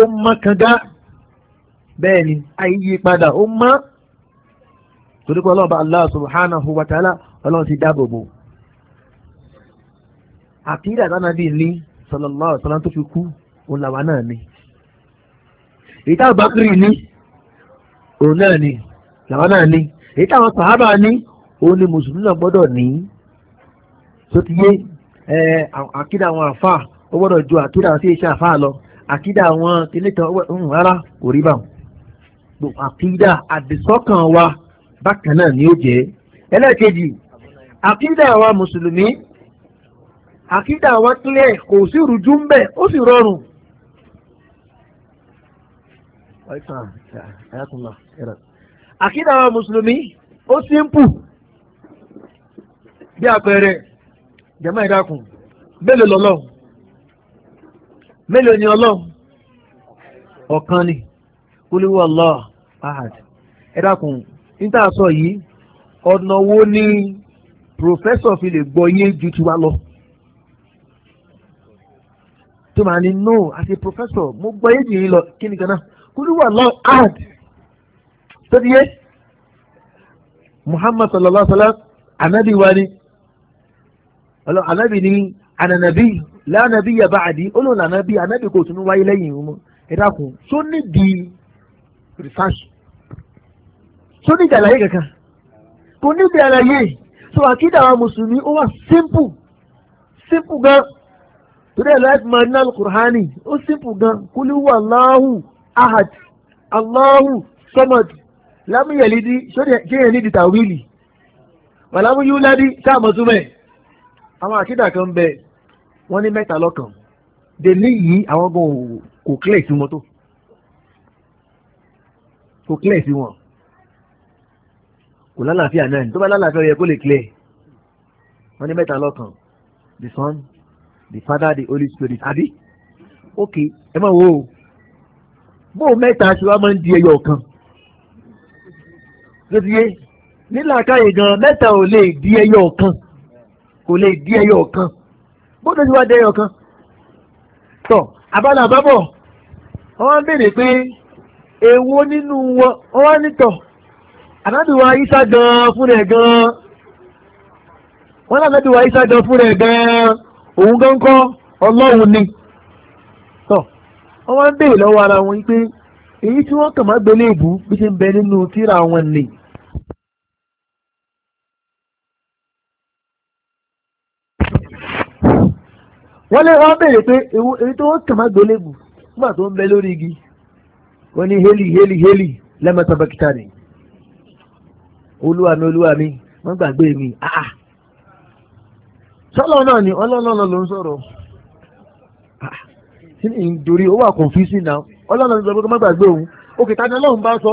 ó mọ́ kanga bẹ́ẹ̀ ni àyíyí padà ó mọ́ torí pé ọlọ́ọ̀bá Allah subhanahu wa ta'ala ọlọ́run ti dáàbò bò. àkídà tánàbí ní sallallahu alaihi wasallam tó fi kú òun làwa náà ni. ìta àbákùrì ní òun náà ni làwọn náà ní èyí táwọn sàhábà ní òun ni mùsùlùmí náà gbọ́dọ̀ ní tó ti yé ẹ àkídà àwọn àfà ó gbọ́dọ̀ ju àkídà sí iṣẹ́ àfà lọ àkídà àwọn kìnìkan ń rárá kò rí bá wọn àkídà àdìsọ́kàn wa bákan náà ni ó jẹ́ ẹlẹ́ẹ̀kejì àkídà àwa mùsùlùmí àkídà àwa kílẹ̀ kò sí rújú ń bẹ̀ ó sì rọrùn ọ̀ìtàn ẹ̀yà tó lọ ẹ̀rọ. àkídà àwọn mùsùlùmí ó simple bí àpẹẹrẹ jẹ̀mọ́ ìdákun mélòó lọ́lọ́ mélòó ni ọlọ? Ọkan ni kúlíwò Allah ahad ìdákun níta sọ yìí ọ̀nà wo ni pòfẹ́sọ̀ fi lè gbọ́ yé ju tiwa lọ tó máa ní no àti pòfẹ́sọ̀ mo gbọ́ yé jù lọ kí ni gan-an kúlíwò ahad. tó ti yé muhammad sallallahu alaihi wa sallam anabi wa ni anabi ni ananabi lánàbí yaba àdí olóhùn lànàbí anabi kò tún wáyé lẹ́yìn wọn ẹ dákun tó nídìí research tó nídìí àlàyé kankan kò nídìí àlàyé so àkídà àwọn mùsùlùmí ó wà simple simple gan torí ẹ̀ láti máa ní alukur'ani ó simple gan kúlí wà ahad aláhù sọmọdù lámúyẹ̀lì dí ṣéyẹ̀ ní dìtà wíìlì wàlámúyú ládí sáàmọ̀túmẹ̀ àwọn àkídà kan bẹ wọ́n ní mẹ́ta lọ́kàn dèlí yìí àwọn gan kò clear sí wọn tó kò clear sí wọn kò lálàáfíà náà tó bá lálàáfíà yẹ kó lè clear wọ́n ní mẹ́ta lọ́kàn the son the father the holy spirit àbí ok ẹ máa wo bó mẹ́ta ṣe wá máa ń di ẹyọ kan. lóbiyé nílàákàyè gan mẹta ò lè di ẹyọ ọkan kò lè di ẹyọ ọkan bóde ti wá di ẹyọ ọkan tọ abala àbábọ̀ wọ́n ń béèrè pé èwo nínú wọn wọ́n nítọ̀ ànábìwá isa gan fún gan isa gan fún ni tọ ń ara wọn pé èyí tí kàn má gbélé ìbú bí ṣe wọ́n lé wọ́n béèrè pé èyí tó kàn má gbélébù nígbà tó ń bẹ lórí igi wọ́n ní heli heli heli lẹ́mẹ̀tọ́ bẹ́kítà ni olúwa mi olúwa mi wọ́n gbàgbé ah, ah sọ́lọ́ náà ni ọlọ́lọ́lọ́ ló ń sọ̀rọ̀ ah, kí ni ìdórí ó wà kọ̀ǹfíìsì náà ọlọ́lọ́ ló sọ pé kó sọ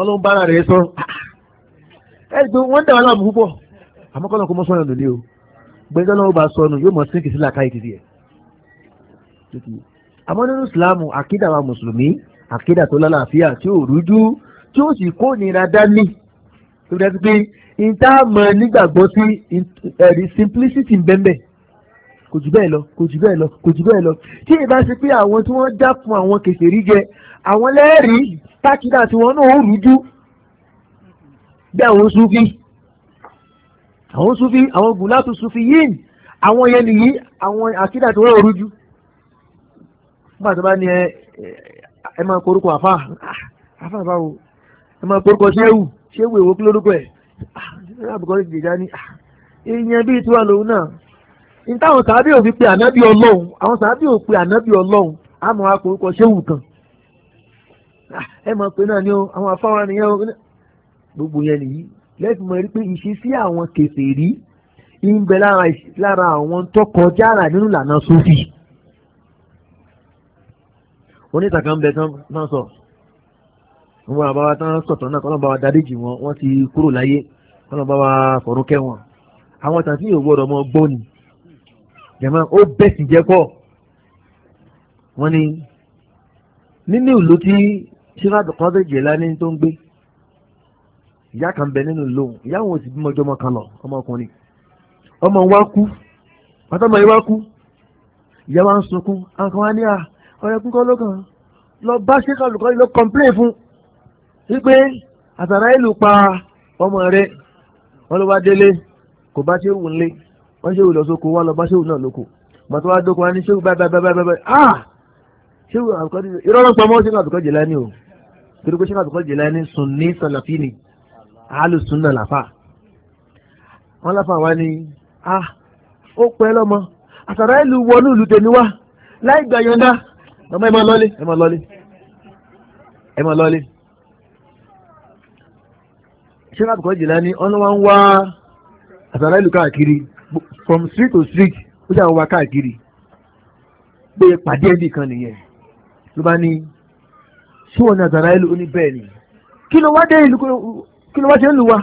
ọlọ́run sọ ah, gbé gbẹ́jọ́ náà ó bá sọnù yóò mọ̀ sínkì sílà káyì títí ẹ̀. àmọ́ nínú ìsìláàmù àkídà wa mùsùlùmí àkídà tó lálàáfíà tí ò rújú tí ó sì kó nira dání tó dájú pé ìta mọ̀ nígbàgbọ́ sí ẹ̀rí simplicity ń bẹ́ẹ̀ kò jù bẹ́ẹ̀ lọ kò jù bẹ́ẹ̀ lọ kò jù bẹ́ẹ̀ lọ tí ìbá ṣe pé àwọn tí wọ́n já fún àwọn kèsèrí jẹ àwọn lẹ́ẹ̀rí tákìdá tí wọ́n náà ó rújú bí àwọn sufi àwọn sufi àwọn gùlátù sufi yìí àwọn yẹn nìyí àwọn àkídà tó wọ́n rújú nígbà tó bá ní ẹ ẹ máa korúkọ àfà ah, àfà báwo ẹ máa korúkọ ṣéwù ṣéwù èwo kí lórúkọ ẹ àbùkọ́ ní ìjà ní ìyẹn bíi tiwa lòun náà ní táwọn sàábì ò fi pe ànábì ọlọ́run àwọn sàábì ò pe ànábì ọlọ́run àmọ́ akorúkọ ṣéwù kan ẹ máa pe náà ní àwọn afáwọn nìyẹn gbogbo yẹn nìyí lẹ́sìn mọ̀ rí pé ìṣesí àwọn kèfèrí ń bẹ lára àwọn tó kọjá àrà nínú ìlànà sófì onítàkàn bẹ tán sọ wọn àbáwá tán sọ̀tọ̀ náà kọ́nà bá wa dáríjì wọn wọ́n ti kúrò láyé kọ́nà bá wa fọ̀rọ̀ kẹ́ wọn àwọn tàbí yóò gbọ́dọ̀ mọ gbọ́ ni jẹ̀mọ́ ó bẹ̀sì jẹ́ pọ̀ wọ́n ní nínú ìlú tí sífàdùkọ́dọ̀ jẹ̀lá ní tó ń gbé ìyá kan bẹ nínú lóhùn ìyá wọn ò sì bímọ ọjọ́ ọmọ kan lọ ọmọkùnrin ọmọ wa kú pátámọ̀ yìí wá kú ìyá wa ń sunkún àǹkan wa ní à ọ̀rẹ́ kúkọ́ ló kàn lọ bá ṣe kálukọ́ yìí lọ kọ́ńplẹ̀ fún wípé àtàrà ìlú pa ọmọ rẹ wọn kò bá ṣe wù ńlé wọn ṣe wù lọ sóko wọn lọ bá ṣe wù náà lóko màtí wàá dókòwá ní ṣé wù báyìí báyìí báyìí báyìí ah ṣé wù àbùkọ́ ìrọ́lọ́pọ̀ mọ́ ṣé wù àbùkọ́ Jìlání o torí pé ṣé wù àbùkọ́ Jìlání Sunni Salafini alùsùn náà làfà wọn láfa wa ni ah ó pẹ́ lọ́mọ àtàrà ìlú wọnú ìlú tèmi wá láì gbà yọ̀ǹda ọmọ ẹ máa lọ́lé ẹ máa lọ́lé ẹ máa lọ́lé ṣé láti jìlá ni ọ̀nà wa ń wá àtàrà ìlú káàkiri from street to street ó jà ń wá káàkiri pé pàdé ẹbí kan nìyẹn ló bá ní ṣé wọn ní àtàrà ìlú ó ní bẹ́ẹ̀ ni kí ló wá dé ìlú kí ló wá ṣe ń lù wa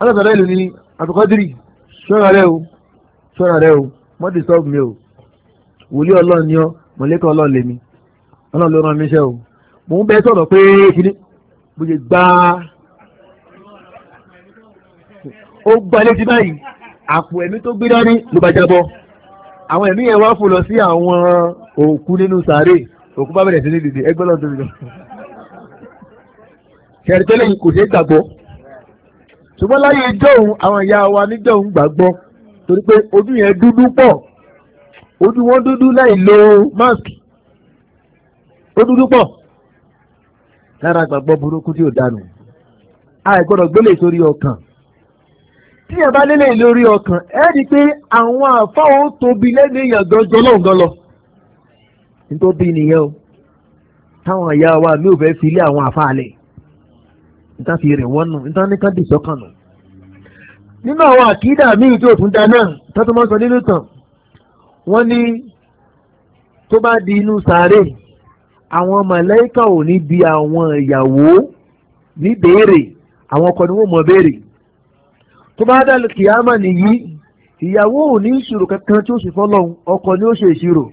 alátàdá ìlú ni àbùkọ́dìrì ṣọ́ra rẹ o ṣọ́ra rẹ o má disturb mi o wòlíì ọlọ́run ni ọ mọ̀lẹ́kọ̀ ọlọ́run lèmi ọlọ́run ló rán mi iṣẹ́ o mò ń bẹ sọ̀rọ̀ pé kíní bó ṣe gbá ó gbá létí báyìí àpò ẹ̀mí tó gbé dání ló bá jábọ́ àwọn ẹ̀mí yẹn wá fò lọ sí àwọn òkú nínú sàárè òkú bá bẹ̀rẹ̀ sí ní dìde ẹgbẹ́ lọ́dún nìkan ṣẹ̀rìtẹ́lẹ̀ yìí kò ṣeé gbàgbọ́ ṣùgbọ́n láyé ìjọ́hun àwọn ìyá wa níjọ́hun gbàgbọ́ torí pé ojú yẹn dúdú pọ̀ ojú wọn dúdú láì lo mask ó dúdú pọ̀ lára gbàgbọ́ burúkú tí ò dànù àìgbọ́dọ̀ gbélé sórí ọkàn tí ẹ bá lélẹ̀ lórí ọkàn ẹ rí i pé àwọn àfáwọn tóbi lẹ́nu èèyàn gangan lọ́hùn gan lọ nítorí nìyẹn o táwọn ìyá wa mi ò fẹ́ fi àwọn àfáà lẹ̀ níta fi rẹ̀ wọ́n nù níta ní káńdì sọ́kàn nù. nínú àwọn àkídà míì tó tún dáná tọ́tún máa ń sọ nínú tàn wọ́n ní tó bá di inú sàárè àwọn màláíkà ò ní bi àwọn ìyàwó ní béèrè àwọn ọkọ ni wọ́n mọ̀ béèrè tó bá dàlù kìámà nìyí ìyàwó ò ní ìṣirò kankan tí ó sì fọ́lọ́hún ọkọ ni ó ṣe ìṣirò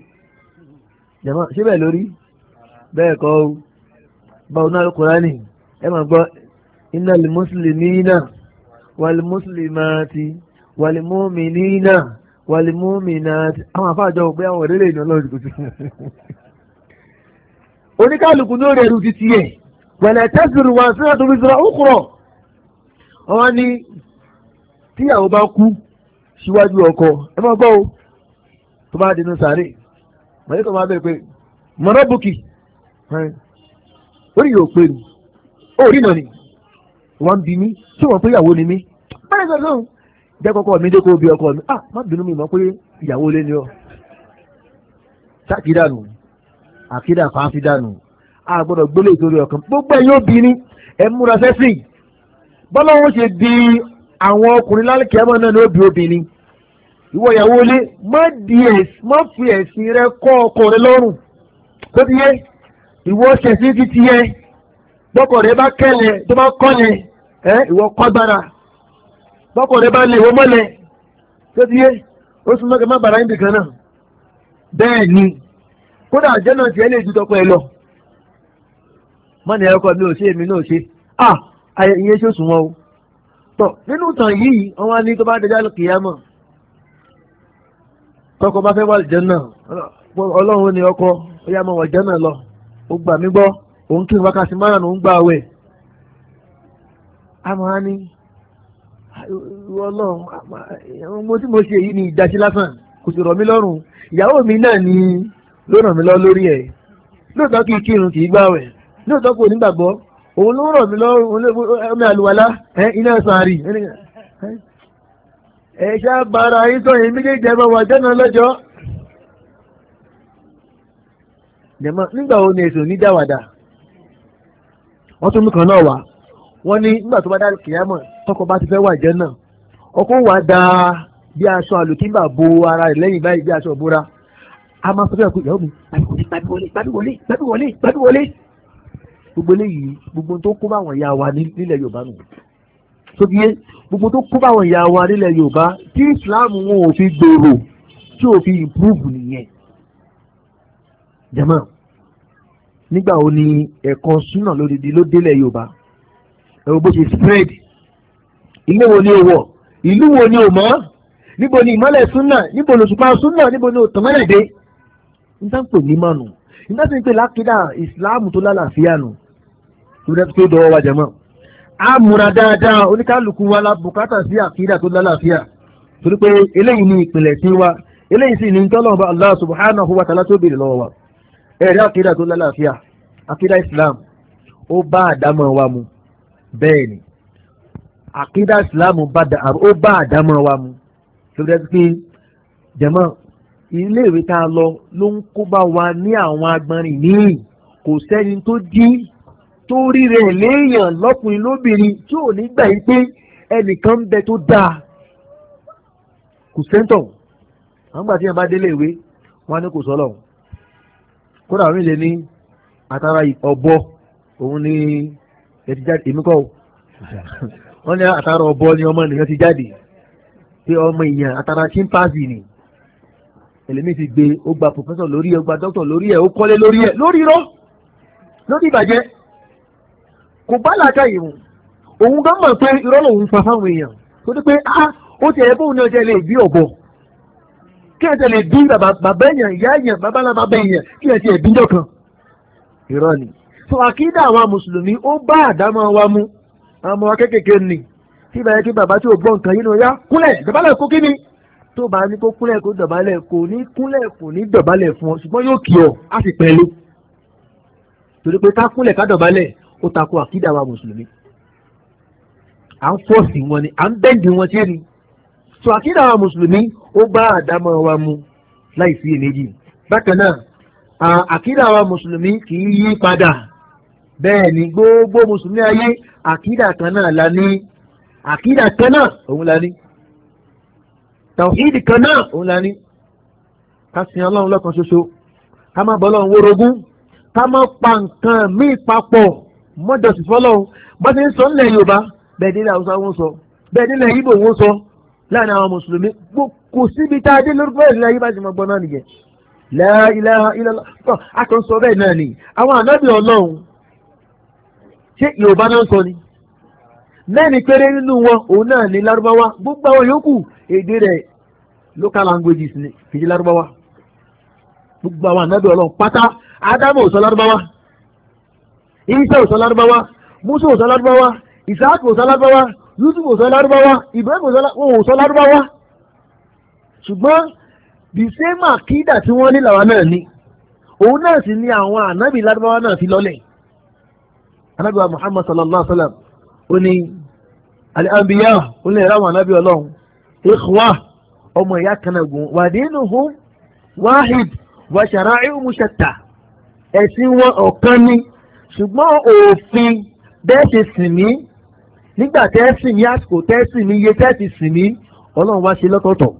jẹ̀mọ́ síbẹ̀ lórí bẹ́ẹ̀ kọ́ báwo náà Kùránì ẹ máa gbọ́ iná lèmúsùlùmínà wàlìmúsùlùmáàtì wàlìmúmìnínà wàlìmúmìnàtì àwọn àfáàjọ òpé àwọn òdélé ìnà lọ́rùn kò sí fún oníkálukú ní òrèrú ti tiẹ̀ wẹ̀lẹ̀ tẹ́sìrì wà sí àtúntò ìṣura ó kúrọ̀ wọ́n ní tíyàwó bá kú síwájú ọkọ ẹ máa gbọ́ o tó bá dínú sàárè mọ̀lẹ́kọ̀ máa bẹ̀rẹ̀ pé mọ̀rọ́bùkì orí yóò pé ni ó rí nà ni wọ́n ń bi mí tí wọ́n pé ìyàwó ni mí báyìí sọ lóhùn jẹ́ kọ́kọ́ mi dé kó bí ọkọ mi ah má bínú mi mọ̀ pé ìyàwó lé ni ọ. sákìdá nù àkìdá fàáfídà nù a gbọ́dọ̀ gbélé ìtòrí ọkàn gbogbo ẹ̀yin obìnrin ẹ̀ múra sẹ́sìn bọ́lọ́wọ́ ṣe di àwọn ọkùnrin lálẹ́kẹ́ ẹ̀mọ́ náà ní obì obìnrin ìwọ ìyàwó ilé má di ẹ̀sìn má fi ẹ̀sìn rẹ kọ́ ọkọ rẹ lọ́rùn kó ti yẹ ìwọ ṣẹ̀sìn ti ti yẹ gbọ́kọ̀ rẹ bá kẹ́lẹ̀ tó bá kọ́lẹ̀ ẹ ìwọ kọ́gbára bọkọ rẹ bá lè wọ́n mọlẹ tó ti yé ó sún mọ́kẹ́ má bàrá níbi kan náà bẹ́ẹ̀ ni kódà àjẹ́nà tiẹ̀ lè ju tọkọ ẹ lọ mọ́ni ẹkọ mi ò ṣe èmi náà ṣe à ìyẹn ṣe o tọ nínú yìí ní tó bá tọkọ bá ni ọkọ ó wà lọ ó gbà mí gbọ, òun kí wákàtí márùn-ún gbà àmọ́ ni ọlọ́run mo tí mo ṣe èyí ni ìdásí lásán kò sì mí ìyàwó mi náà ni ló ràn mí lọ lórí ẹ̀ lóòótọ́ kì kírun kì í gbààwẹ̀ lóòótọ́ kò ní gbàgbọ́ òun ló bara yín méjèèjì ẹ bá wà lọ́jọ́ nígbà wo ni èso ní dáwàdà wọ́n wọ́n ní nígbà tó bá dá kìyàmọ̀ tọkọ bá ti fẹ́ wà jẹ́ náà ọkọ wà dá bí aṣọ àlùkìmbà bo ara rẹ̀ lẹ́yìn báyìí bí aṣọ ìbora a máa sọ fún ẹ̀kọ́ ìyàwó mi gbàdúwọlé gbàdúwọlé gbàdúwọlé gbàdúwọlé gbogbo eléyìí gbogbo tó kó báwọn ìyá wa nílẹ̀ Yorùbá nù sóbi yé gbogbo tó kó báwọn ìyá wa nílẹ̀ Yorùbá tí Islam wọn ò fi gbòòrò tí ò fi improve nìyẹn jama nígbà wo ni ẹ̀kọ́ súnà lódìdí ló délẹ̀ Yorùbá ẹ̀rọ ṣe spread ilé wo ni o wọ̀ ìlú wo ni o mọ̀ níbo ni ìmọ̀lẹ̀ súnà níbo lòṣùpá súnà níbo ni òtọ̀mọ́lẹ̀ dé n tá ń pè ní mọ̀nù n tá ń pè lákìdá ìsìláàmù tó lálàáfíà nù tó dẹ́ wa a múra dáadáa oníkálukú wa la bùkátà sí àkìdá tó lálàáfíà torí pé eléyìí ni ìpìlẹ̀ sí wa eléyìí sì ni tọ́lọ̀ bá Allah subhanahu wa ta'ala tó wa ẹ̀rí àkìdá tó bẹ́ẹ̀ ni àkídá ìsìláàmù bá da bá àdámọ́ wa mu lórí ẹ pé jẹ̀mọ́ iléèwé tá a lọ ló ń kó bá wa ní àwọn agbọ̀nrín níyì kò sẹ́ni tó jí tó ríre léèyàn lọ́kùnrin lóbìnrin tí ò ní gbà yí pé ẹnìkan ń bẹ tó dáa kò sẹ́ńtọ̀ àwọn gbà tí yẹn bá délé ìwé wọn á ní kò sọ́lọ̀ kódà orin lè ní àtàrà ọ̀bọ òun ni ẹ ti jáde èmi kọ́ o wọ́n ní àtàrà ọ̀bọ ni ọmọ nìyẹn ti jáde pé ọmọ èèyàn àtàrà chimpanzee ni ẹlẹ́mìí ti gbé ó gba professor lórí ẹ̀ ó gba doctor lórí ẹ̀ ó kọ́lé lórí ẹ̀ lórí irọ́ lórí ìbàjẹ́ kò bá làákà yìí mu òun gan mọ̀ pé irọ́ lòun fa fáwọn èèyàn tó ní pé ah ó ti ẹ̀ bóun náà jẹ́ lè bí ọ̀bọ kí ẹ̀ tẹ̀ lè bí bàbá èèyàn ìyá èèyàn babalábàbà èèyàn kí ẹ̀ ti ẹ̀ bí jọ̀kan irọ́ ni so àkídà àwọn mùsùlùmí ó bá àdámọ́ wa mu àwọn ọmọ wa kékèké nì tí bàbá yẹn kí bàbá tí ò gbọ́ nǹkan yìí ni ó yá dọ̀bálẹ̀ kó kí ni tó bá ní kó kúnlẹ̀ kó dọ̀bálẹ̀ kò ní kúnlẹ̀ kò ní dọ̀bálẹ̀ fún ọ ṣùgbọ́n yóò kì ọ á sì pẹ̀lú torí pé ká kúnlẹ̀ ká dọ̀bálẹ̀ ó tako àkídà àwọn mùsùlùmí à ń fọ́ọ̀sì wọn ni à ń bẹ́ǹdì wọn tí ni so àkídà àwọn mùsùlùmí ó bá àdámọ́ wa mu láì sí èméjì bákan náà àkídà àwọn mùsùlùmí kì í yí padà bẹ́ẹ̀ ni gbogbo mùsùlùmí ayé àkídà kan náà la ní àkídà kan náà òun la ní tàwíìdì kan náà òun la ní ká sin ọlọ́run lọ́kan ṣoṣo ká má bọ́ ọlọ́run wórogún ká má pa nǹkan míì papọ̀ mọ́jọsí fọlọ́run bá ti ń sọ nílẹ̀ yorùbá bẹ́ẹ̀ nílẹ̀ haúsá wọn sọ bẹ́ẹ̀ nílẹ̀ ibo wọn sọ láàrin àwọn mùsùlùmí kò síbi tá a dé lórúkọ ìlú ayé bá la ilaha illallah àtọ̀ sọ bẹ́ẹ̀ náà ni àwọn ànábì ṣé yorùbá náà ń sọ ni mẹ́rin péré nínú wọn òun náà ní lárúbáwá gbogbo àwọn yòókù èdè rẹ̀ local languages ni kìí lárúbáwá gbogbo àwọn ànábì ọlọ́run pátá ádámù ò sọ lárúbáwá ìsá ò sọ lárúbáwá mùsù ò sọ lárúbáwá ìsáàkù ò sọ lárúbáwá yusuf ò sọ lárúbáwá ibrahim ò sọ lárúbáwá ṣùgbọ́n the same tí wọ́n ní làwa náà ni òun náà sì ni àwọn ànábì lárúbáwá náà fi lọ́lẹ̀ yìí anábìwá muhammad sallallahu alayhi wa sallam ó ní al-anbiya ó ní ìráwọn anábìwá ọlọ́run ikhwa ọmọ ìyá kan náà gùn wa dinuhum wahid wa shara'i'u mushatta ẹ̀sìn wọn ọ̀kan ni ṣùgbọ́n òfin bẹ́ẹ̀ ṣe sìn mí nígbà tẹ́ sìn mí àsìkò tẹ́ sìn mí iye tẹ́ ti sìn mí ọlọ́run wá ṣe lọ́tọ̀ọ̀tọ̀.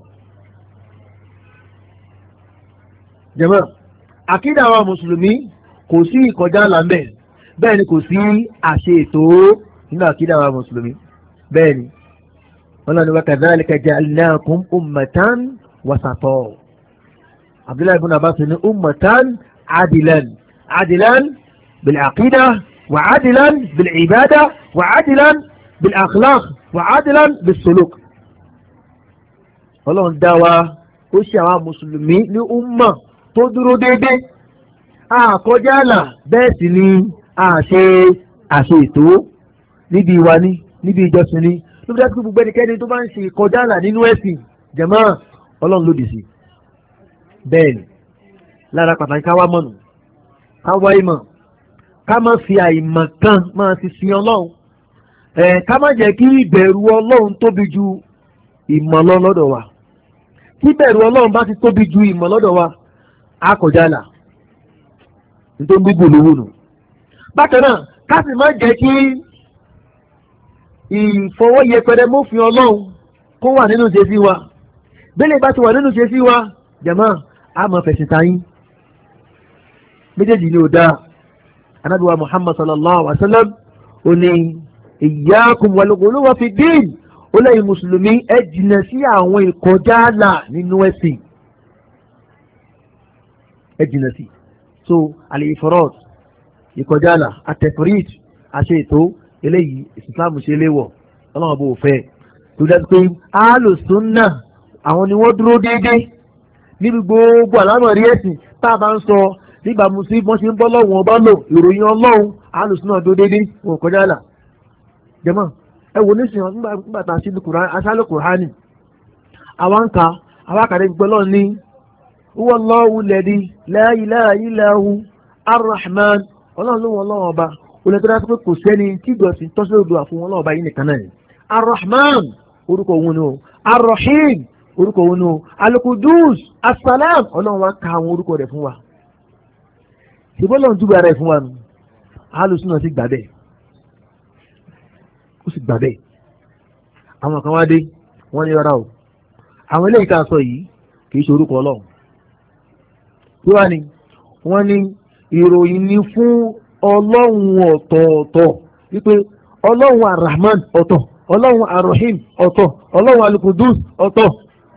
jẹ̀mọ́ àkídà àwọn kò sí ìkọjá làmbẹ́ẹ̀ bẹ́ẹ̀ ni kò sí àṣẹ ètò nínú àkídà wa mùsùlùmí bẹ́ẹ̀ ni wọn lọ́nà wa kadhalika ja'alnakum ummatan wasatọ abdullahi ibn abbas ni ummatan adilan adilan bil'aqida wa adilan bil'ibada wa adilan bil'akhlaq wa adilan bil'suluk ọlọ́run dá wa ó ṣe àwọn mùsùlùmí ní umma tó dúró déédéé àkọjá àlà bẹ́ẹ̀ sì ni. àṣe àṣe ètò níbi ìwà ni níbi ìjọsìn ni ló fi dá sí gbogbo ẹnikẹ́ni tó bá ń ṣe ìkọjá nínú ẹ̀sìn jẹ̀mọ́ ọlọ́run lòdì sí lára pàtàkì káwá mọ̀nù káwá ìmọ̀ ká má fi máa fi sin ọlọ́run ẹ̀ ká má jẹ́ kí ìbẹ̀rù tóbi ju ìmọ̀ lọ́dọ̀ wa ìbẹ̀rù bá ti tóbi ju ìmọ̀ lọ́dọ̀ wa á kọjá là nítorí gbogbo bákan náà ká sì má jẹ́ kí ìfọwọ́yẹpẹrẹ mọ́fin ọlọ́run kó wà nínú ìṣesí wa bẹ́lẹ̀ bá ti wà nínú ìṣesí wa jẹ̀mọ́ a mọ̀ fẹ̀sìn tayín méjèèjì ni ò dáa anábìwá muhammad sallallahu alaihi wa sallam ó ní iyyakum wal ghuluw fi din ó lẹ́yìn mùsùlùmí ẹ jìnà sí àwọn ìkọjá àlà nínú ẹ̀sìn ẹ jìnà sí so àlè ìfọ̀rọ̀t ìkọjáàlà àtẹ̀fríd àṣẹ ètò eléyìí ìsìláàmù ṣe léwọ̀ ọlọ́run bò fẹ́ tó dájú pé alùsùnà àwọn ni wọ́n dúró déédéé níbi gbogbo àlámọ̀ rí ẹ̀sìn tá a bá ń sọ nígbà ń bọ́ ọba lò ìròyìn ọlọ́run dúró déédéé wọn kọjáàlà jẹ́mọ́ ẹ wò ní sìn nígbà tá a ṣe aṣálẹ̀ kùránì àwa ń ka àwa kàdé ilaha arrahman ọlọ́run ló wọn ọlọ́run ọba olè tó dájú pé kò sẹ́ni tí ìjọsìn tọ́sí odò àfún wọn ọlọ́run ọba yìí nìkan náà ni arrahman orúkọ òun ni o arrahim orúkọ òun ni o alukudus asalam ọlọ́run wa ka àwọn orúkọ rẹ̀ fún wa ṣùgbọ́n ọlọ́run dúró ara ẹ̀ fún wa nù alùsùn náà sì gbà bẹ́ẹ̀ ó sì gbà bẹ́ẹ̀ àwọn kan wá dé wọ́n ní o àwọn eléyìí ká sọ yìí kì í ṣe orúkọ ọlọ́run wọ́n ní ìròyìn ni fún ọlọ́run ọ̀tọ̀ọ̀tọ̀ wípé ọlọ́run arahman ọ̀tọ̀ ọlọ́run arahim ọ̀tọ̀ ọlọ́run alukudus ọ̀tọ̀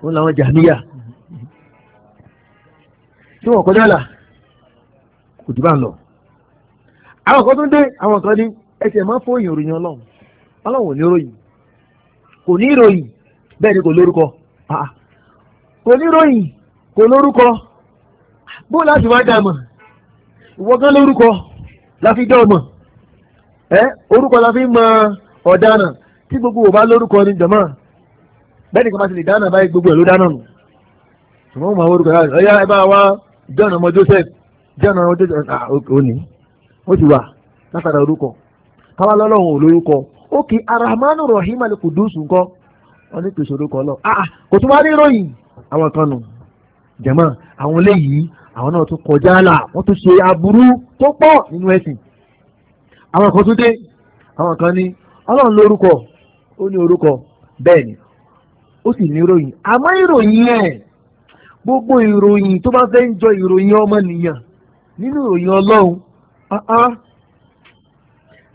òun làwọn jàmíyà tí wọ́n kọjá là kò jù bá ń lọ. àwọn kan tó ń dé àwọn kan ní ẹsẹ̀ máa ń fún ìròyìn ọlọ́run ọlọ́run ò ní ròyìn kò ní ìròyìn bẹ́ẹ̀ ni kò lórúkọ kò ní ìròyìn kò lórúkọ bó láti wá dá mọ̀ ìwọ gan lórúkọ la fi dá ọmọ ẹ orúkọ la fi mọ ọ̀daràn tí gbogbo ò bá lórúkọ ni jọ̀mọ́ bẹ́ẹ̀ nìkan bá ti lè dáná báyìí gbogbo ẹ̀ ló dáná nù ṣùgbọ́n mo máa orúkọ yára ọ̀yá ẹ bá wa John ọmọ Joseph John ọmọ Joseph ah òní ó ti wà látara orúkọ káwá lọ́lọ́run ò lórúkọ ó kì í arahamanu rahim alikudusu nǹkan wọn ní kò sórúkọ náà ah, ah kò tún wá ní ìròyìn àwọn kan nù jẹ̀mọ́ àwọn léyìí àwọn náà tún kọjá àlà wọ́n tún ṣe aburú tó pọ̀ nínú ẹ̀sìn àwọn kan tún dé àwọn kan ní ọlọ́run ní orúkọ bẹ́ẹ̀ ni ó sì ní ìròyìn àmọ́ ìròyìn ẹ̀ gbogbo ìròyìn tó bá fẹ́ ń jọ ìròyìn ọmọnìyàn nínú ìròyìn ọlọ́run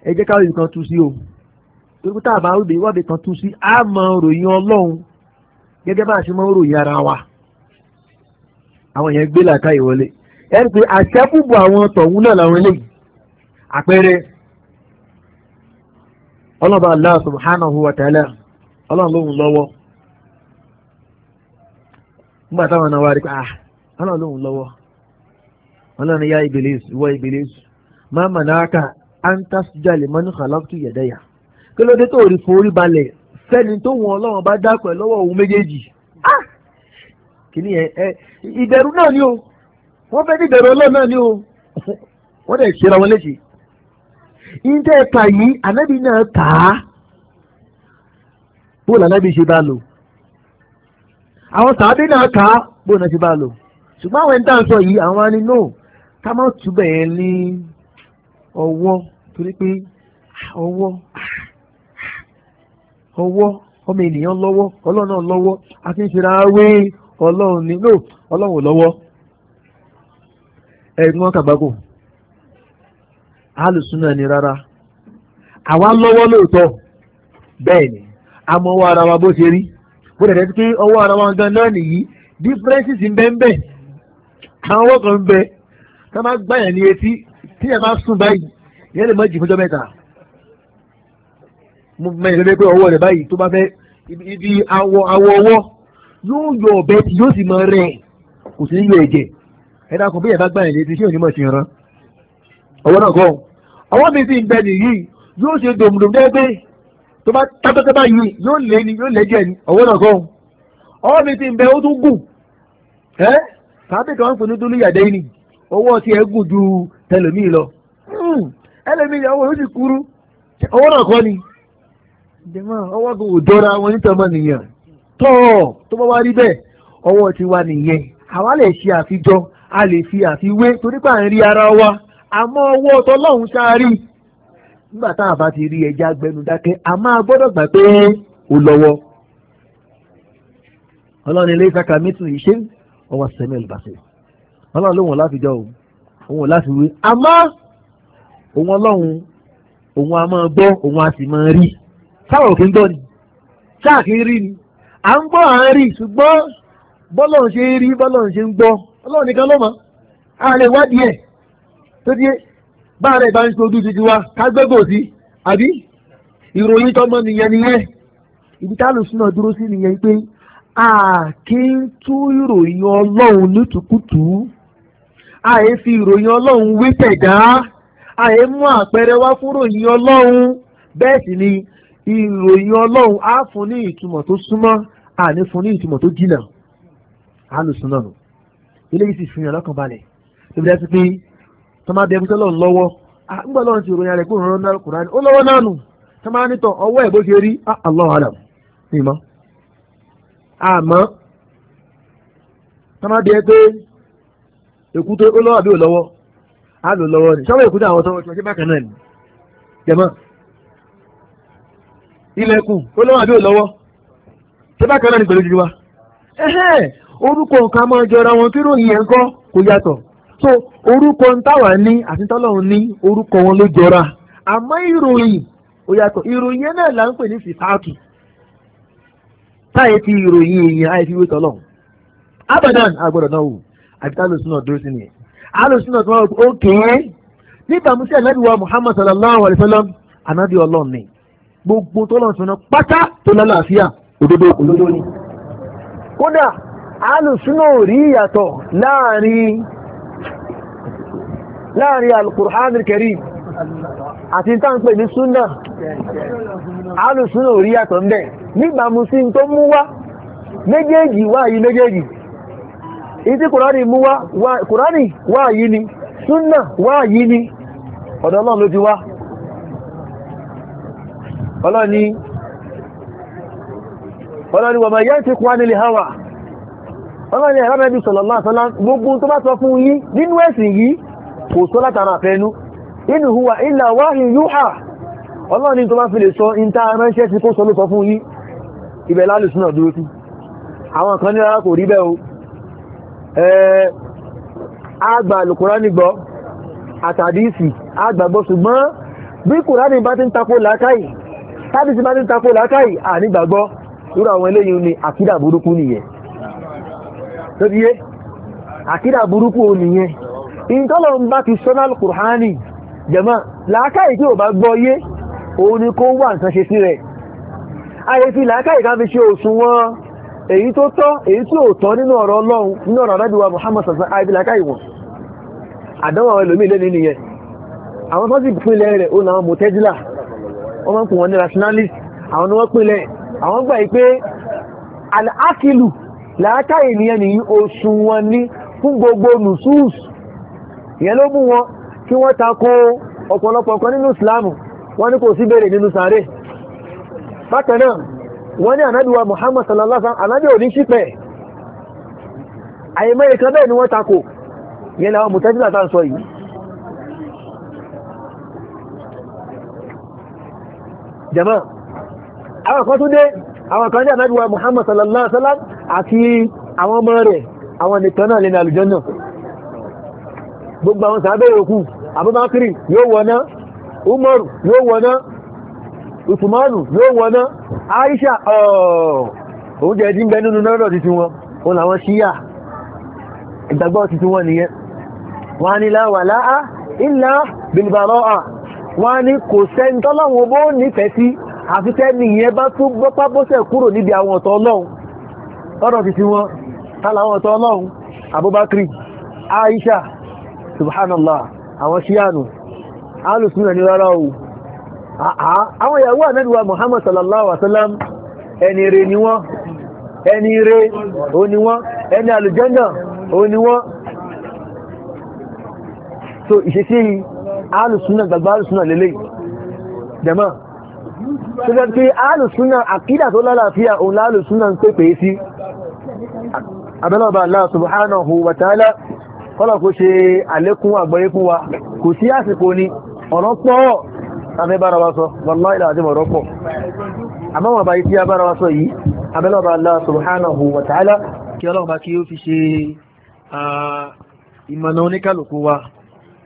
ẹ jẹ́ kan sí o a kan sí a mọ ọlọ́run gẹ́gẹ́ bá a ṣe wa. àwọn yẹn gbé làákà ìwọlé ẹni pé àṣẹ́kùbù àwọn tọ̀hún náà làwọn eléyìí àpẹẹrẹ ọlọ́ba Allah subhanahu wa ta'ala ọlọ́run lóhun lọ́wọ́ nígbà táwọn náà wá pé ah ọlọ́run lóhun lọ́wọ́ ọlọ́run ya wọ ma manaka an tasjuda liman khalaqtu yadaya kí ló dé tó rí forí balẹ̀ sẹ́ni tó ọlọ́run bá lọ́wọ́ òun méjèèjì. kìíní yẹn ẹ ìdẹ̀rù náà ni o wọ́n fẹ́ ní ìbẹ̀rù ọlọ́run náà ni o wọ́n dẹ̀ ṣe ra wọn léṣe ìdẹ́ yìí ànábì náà tà á ṣe bá lò àwọn tàbí náà tà á ṣe bá lò ṣùgbọ́n àwọn ẹ̀ńtà sọ yìí àwọn ká má túbẹ̀ yẹn ní ọwọ́ torí pé ah, ọwọ́ ah, ah, ọwọ́ ọmọ ènìyàn lọ́wọ́ ọlọ́run náà lọ́wọ́ ọlọ́run ni no ọlọ́run lọ́wọ́ ẹ̀rí wọn kàgbákò alùsùn náà ni rárá àwa lọ́wọ́ lóòótọ́ bẹ́ẹ̀ ni a mọ ọwọ́ ara wa bó ṣe rí bó dẹ̀ dẹ́tí pé ọwọ́ ara wa gan náà nìyí differences ń bẹ ń bẹ àwọn ọwọ́ kan ń bẹ gbàyàn ní etí tí ibi awọ awọ ọwọ́ yóò yọ ọbẹ tí yóò sì máa rẹ̀ kò sí yọ ẹ̀jẹ̀ ẹ dákun bí ẹ̀bá gbà yẹn létí ṣé sí ọwọ́ náà kọ́ ọwọ́ mi ń bẹ nìyí yóò ṣe dòmùdòmù dẹ́gbẹ́ tó bá ni yóò lẹ́jẹ̀ ọwọ́ náà kọ́ ọwọ́ mi sì ń bẹ ó tún gùn ẹ́ kan fún nítorí ni ọwọ́ tiẹ̀ gùn ju tẹlẹmí lọ hmm. ẹlẹmí ìyàwó yóò sì kúrú ọwọ́ náà kọ́ ni ọwọ́ kò jọra wọn tọ́ tó bá wá rí bẹ́ẹ̀ ọwọ́ ti wá nìyẹn àwa lè ṣe àfijọ a lè fi àfiwé torí pé à ń rí ara wa àmọ́ ọwọ́ tọlọ́hún ṣáárí nígbà tá a bá ti rí ẹja gbẹnu dákẹ́ a máa gbọ́dọ̀ gbà pé ó lọ́wọ́ ọlọ́run ilé ìsaka mítù ìṣe ọwọ́ sẹ́mi ìbàṣẹ ọlọ́run lóhùn láfijọ́ o òun láti wí àmọ́ òun ọlọ́run òun a máa gbọ́ òun a sì máa rí sáwọn òfin gbọ́ ni sáà kì í rí ni a ń gbọ́ à ń rí ṣùgbọ́n bọ́lọ̀ ń ṣe rí bọ́lọ̀ ń ṣe ń gbọ́ ọlọ́run nìkan ló mọ̀ á lè wádìí ẹ̀ tó dé rẹ̀ bá ń tọmọ nìyẹn nìyẹn ibi tá a lò sínú sí a kì í tú ìròyìn ọlọ́run a fi ìròyìn ọlọ́run a mú àpẹẹrẹ wá ọlọ́run ìròyìn ọlọ́run á fún ní ìtumọ̀ tó súnmọ́ àní fún ní ìtumọ̀ tó jìnà alùsùnà nù eléyìí sì lọ́kàn balẹ̀ pé lọ́wọ́ nígbà lọ́run ti ròyìn ó lọ́wọ́ náà nù ọwọ́ ẹ̀ bó ṣe rí Allahu alam ìmọ̀ àmọ́ tó bẹ bẹ̀rù pé ó lọ́wọ́ àbí ò lọ́wọ́ á ni sọ́wọ́ àwọn tọ́wọ́ tí wọ́n ilẹ̀kùn ó lọ́wọ́ àbí òlọ́wọ́ ṣé bá kan náà ní pẹ̀lú jíjí wa orúkọ jọra wọn kí ròyìn yẹn kò yàtọ̀ so orúkọ táwa ní àti ní orúkọ wọn ló jọra àmọ́ ìròyìn ò yàtọ̀ ìròyìn yẹn náà là ń pè ní sìfáàtù táyé ti ìròyìn èèyàn àyè fi abadan agbọ́dọ̀ náà wò lòsùnà dúró sí nìyẹn alòsùnà tó wà ó kéé nígbà muhammad sallallahu alayhi wa sallam ọlọ́ọ̀ni gbogbo tó lọ́n sọ̀nà pátá tó lálàáfíà òdodo òdodo ni. kódà alùsùnà ò rí ìyàtọ̀ láàrin láàrin alukur'an kẹrí àti táǹpẹ̀ ní súnà alùsùnà ò rí ìyàtọ̀ ń bẹ̀ níbàámu sí tó mú wá méjèèjì wá yìí méjèèjì ìtí kùránì mú wá kùránì wá yìí ni súnà wá yìí ni ọ̀dọ̀ náà ló ti wá ọlọ́ni ọlọ́ni wọ̀mọ̀ yẹ́ ti kún ánilẹ̀ hawa ọlọ́ni ẹ̀rọ́mẹ́bí sọ̀lọ̀lá sọ́lá gbogbo tó bá sọ fún yí nínú ẹ̀sìn yìí kò sọ látara àfẹ́nú inú huwa illa wahyu yuha ọlọ́ni tó bá fi lè sọ ìta ránṣẹ́ sí kó sọ ló sọ fún yí ibẹ̀ lálùsùn náà dúró sí àwọn kan ní rárá kò rí bí Kùránì bá ti ń tako làákàyè tábí ti bá ní tako làákàyè ànígbàgbọ́ lórí àwọn eléyìí ni àkídà burúkú nìyẹn tó bí yé àkídà burúkú nìyẹn ìtọ́lọ̀ ń bá ti sọ́nàlù kùrhánì jẹ̀mọ́ làákàyè tí ò bá gbọ́ yé òun ni kó wà nǹkan ṣe sí rẹ̀ ayé fi làákàyè ká fi ṣe òṣùwọ̀n èyí tó tọ́ èyí tí ò tọ́ nínú ọ̀rọ̀ ọlọ́run nínú ọ̀rọ̀ adájúwa Muhammad sassan ayé fi làákàyè wọn àdánwò àwọn ẹlòmíì lẹ́nu nìyẹn àwọn tó sì pinlẹ̀ rẹ̀ ó làwọn mọ̀tẹ́dílà wọ́n máa ń pè wọ́n ní rationalist àwọn ni wọ́n pínlẹ̀ àwọn gbà pé alákìlù láàká ènìyàn ní oṣù wọn ní fún gbogbo nùsùs ìyẹn ló mú wọn kí wọ́n tako ọ̀pọ̀lọpọ̀ kan nínú islamu wọ́n ní kò sí bèèrè nínú sàárè bákan náà wọ́n ní muhammad sallallahu alaihi wasallam ànábí ò ní ṣípẹ̀ àyèmọ́ ìkan bẹ́ẹ̀ ni wọ́n jẹ́mọ́ àwọn kan tó dé àwọn kan jẹ́ ànábíwá Muhammad sallallahu alaihi wasallam àti àwọn ọmọ rẹ̀ àwọn nìkan náà lẹ́nu àlùjànnà gbogbo àwọn sàábẹ̀ yòókù Abubakar yóò wọná Umar yóò wọná Usmanu yóò wọná Aisha òun jẹ́ ẹ̀dí ń bẹ nínú náírà títí wọn wọn làwọn ṣíyà ìgbàgbọ́ títí wọn nìyẹn wọn ni láwà láà ìlà wọ́n ní kò sẹ́ni tọ́lọ́run bó nífẹ̀ẹ́ sí àfikẹ́ ni ìyẹn bá tún gbọ́pá bọ́sẹ̀ kúrò níbi àwọn ọ̀tọ̀ ọlọ́run ọ̀rọ̀ ti wọn tàlàwọn ọ̀tọ̀ ọlọ́run Abubakri Aisha subhanallah àwọn ṣíyànù alùsùnà ní rárá o àwọn ìyàwó ànẹ́dùwà Muhammad sallallahu alaihi wasallam ẹni rẹ̀ ni wọ́n ẹni rẹ̀ so ìṣesí alùsúnà gbàgbà alùsúnà lélẹ̀ jẹ́mọ́ tó jẹ́ pé alùsúnà àkídà tó lálàáfíà òun lálùsúnà ń pèpè sí abẹ́lọ́bà Allah subhanahu wa ta'ala kọ́lọ̀ kó ṣe àlékún àgbọ́yé fún wa kò sí àsìkò ni ọ̀rọ̀ pọ̀ tàbí bára wa sọ wallahi alazim ọ̀rọ̀ pọ̀ àmọ́wọ̀n bá yí tí a ah, ìmọ̀nà oníkálùkù wa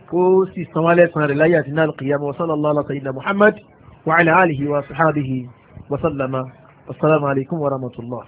kó sì san wá lẹ́san rẹ̀ láyé àti náà kìyàmọ́ sallallahu alaihi wa sallam muhammad wa ala alihi wa sahabihi wa sallama wasalaamu alaykum wa rahmatullah.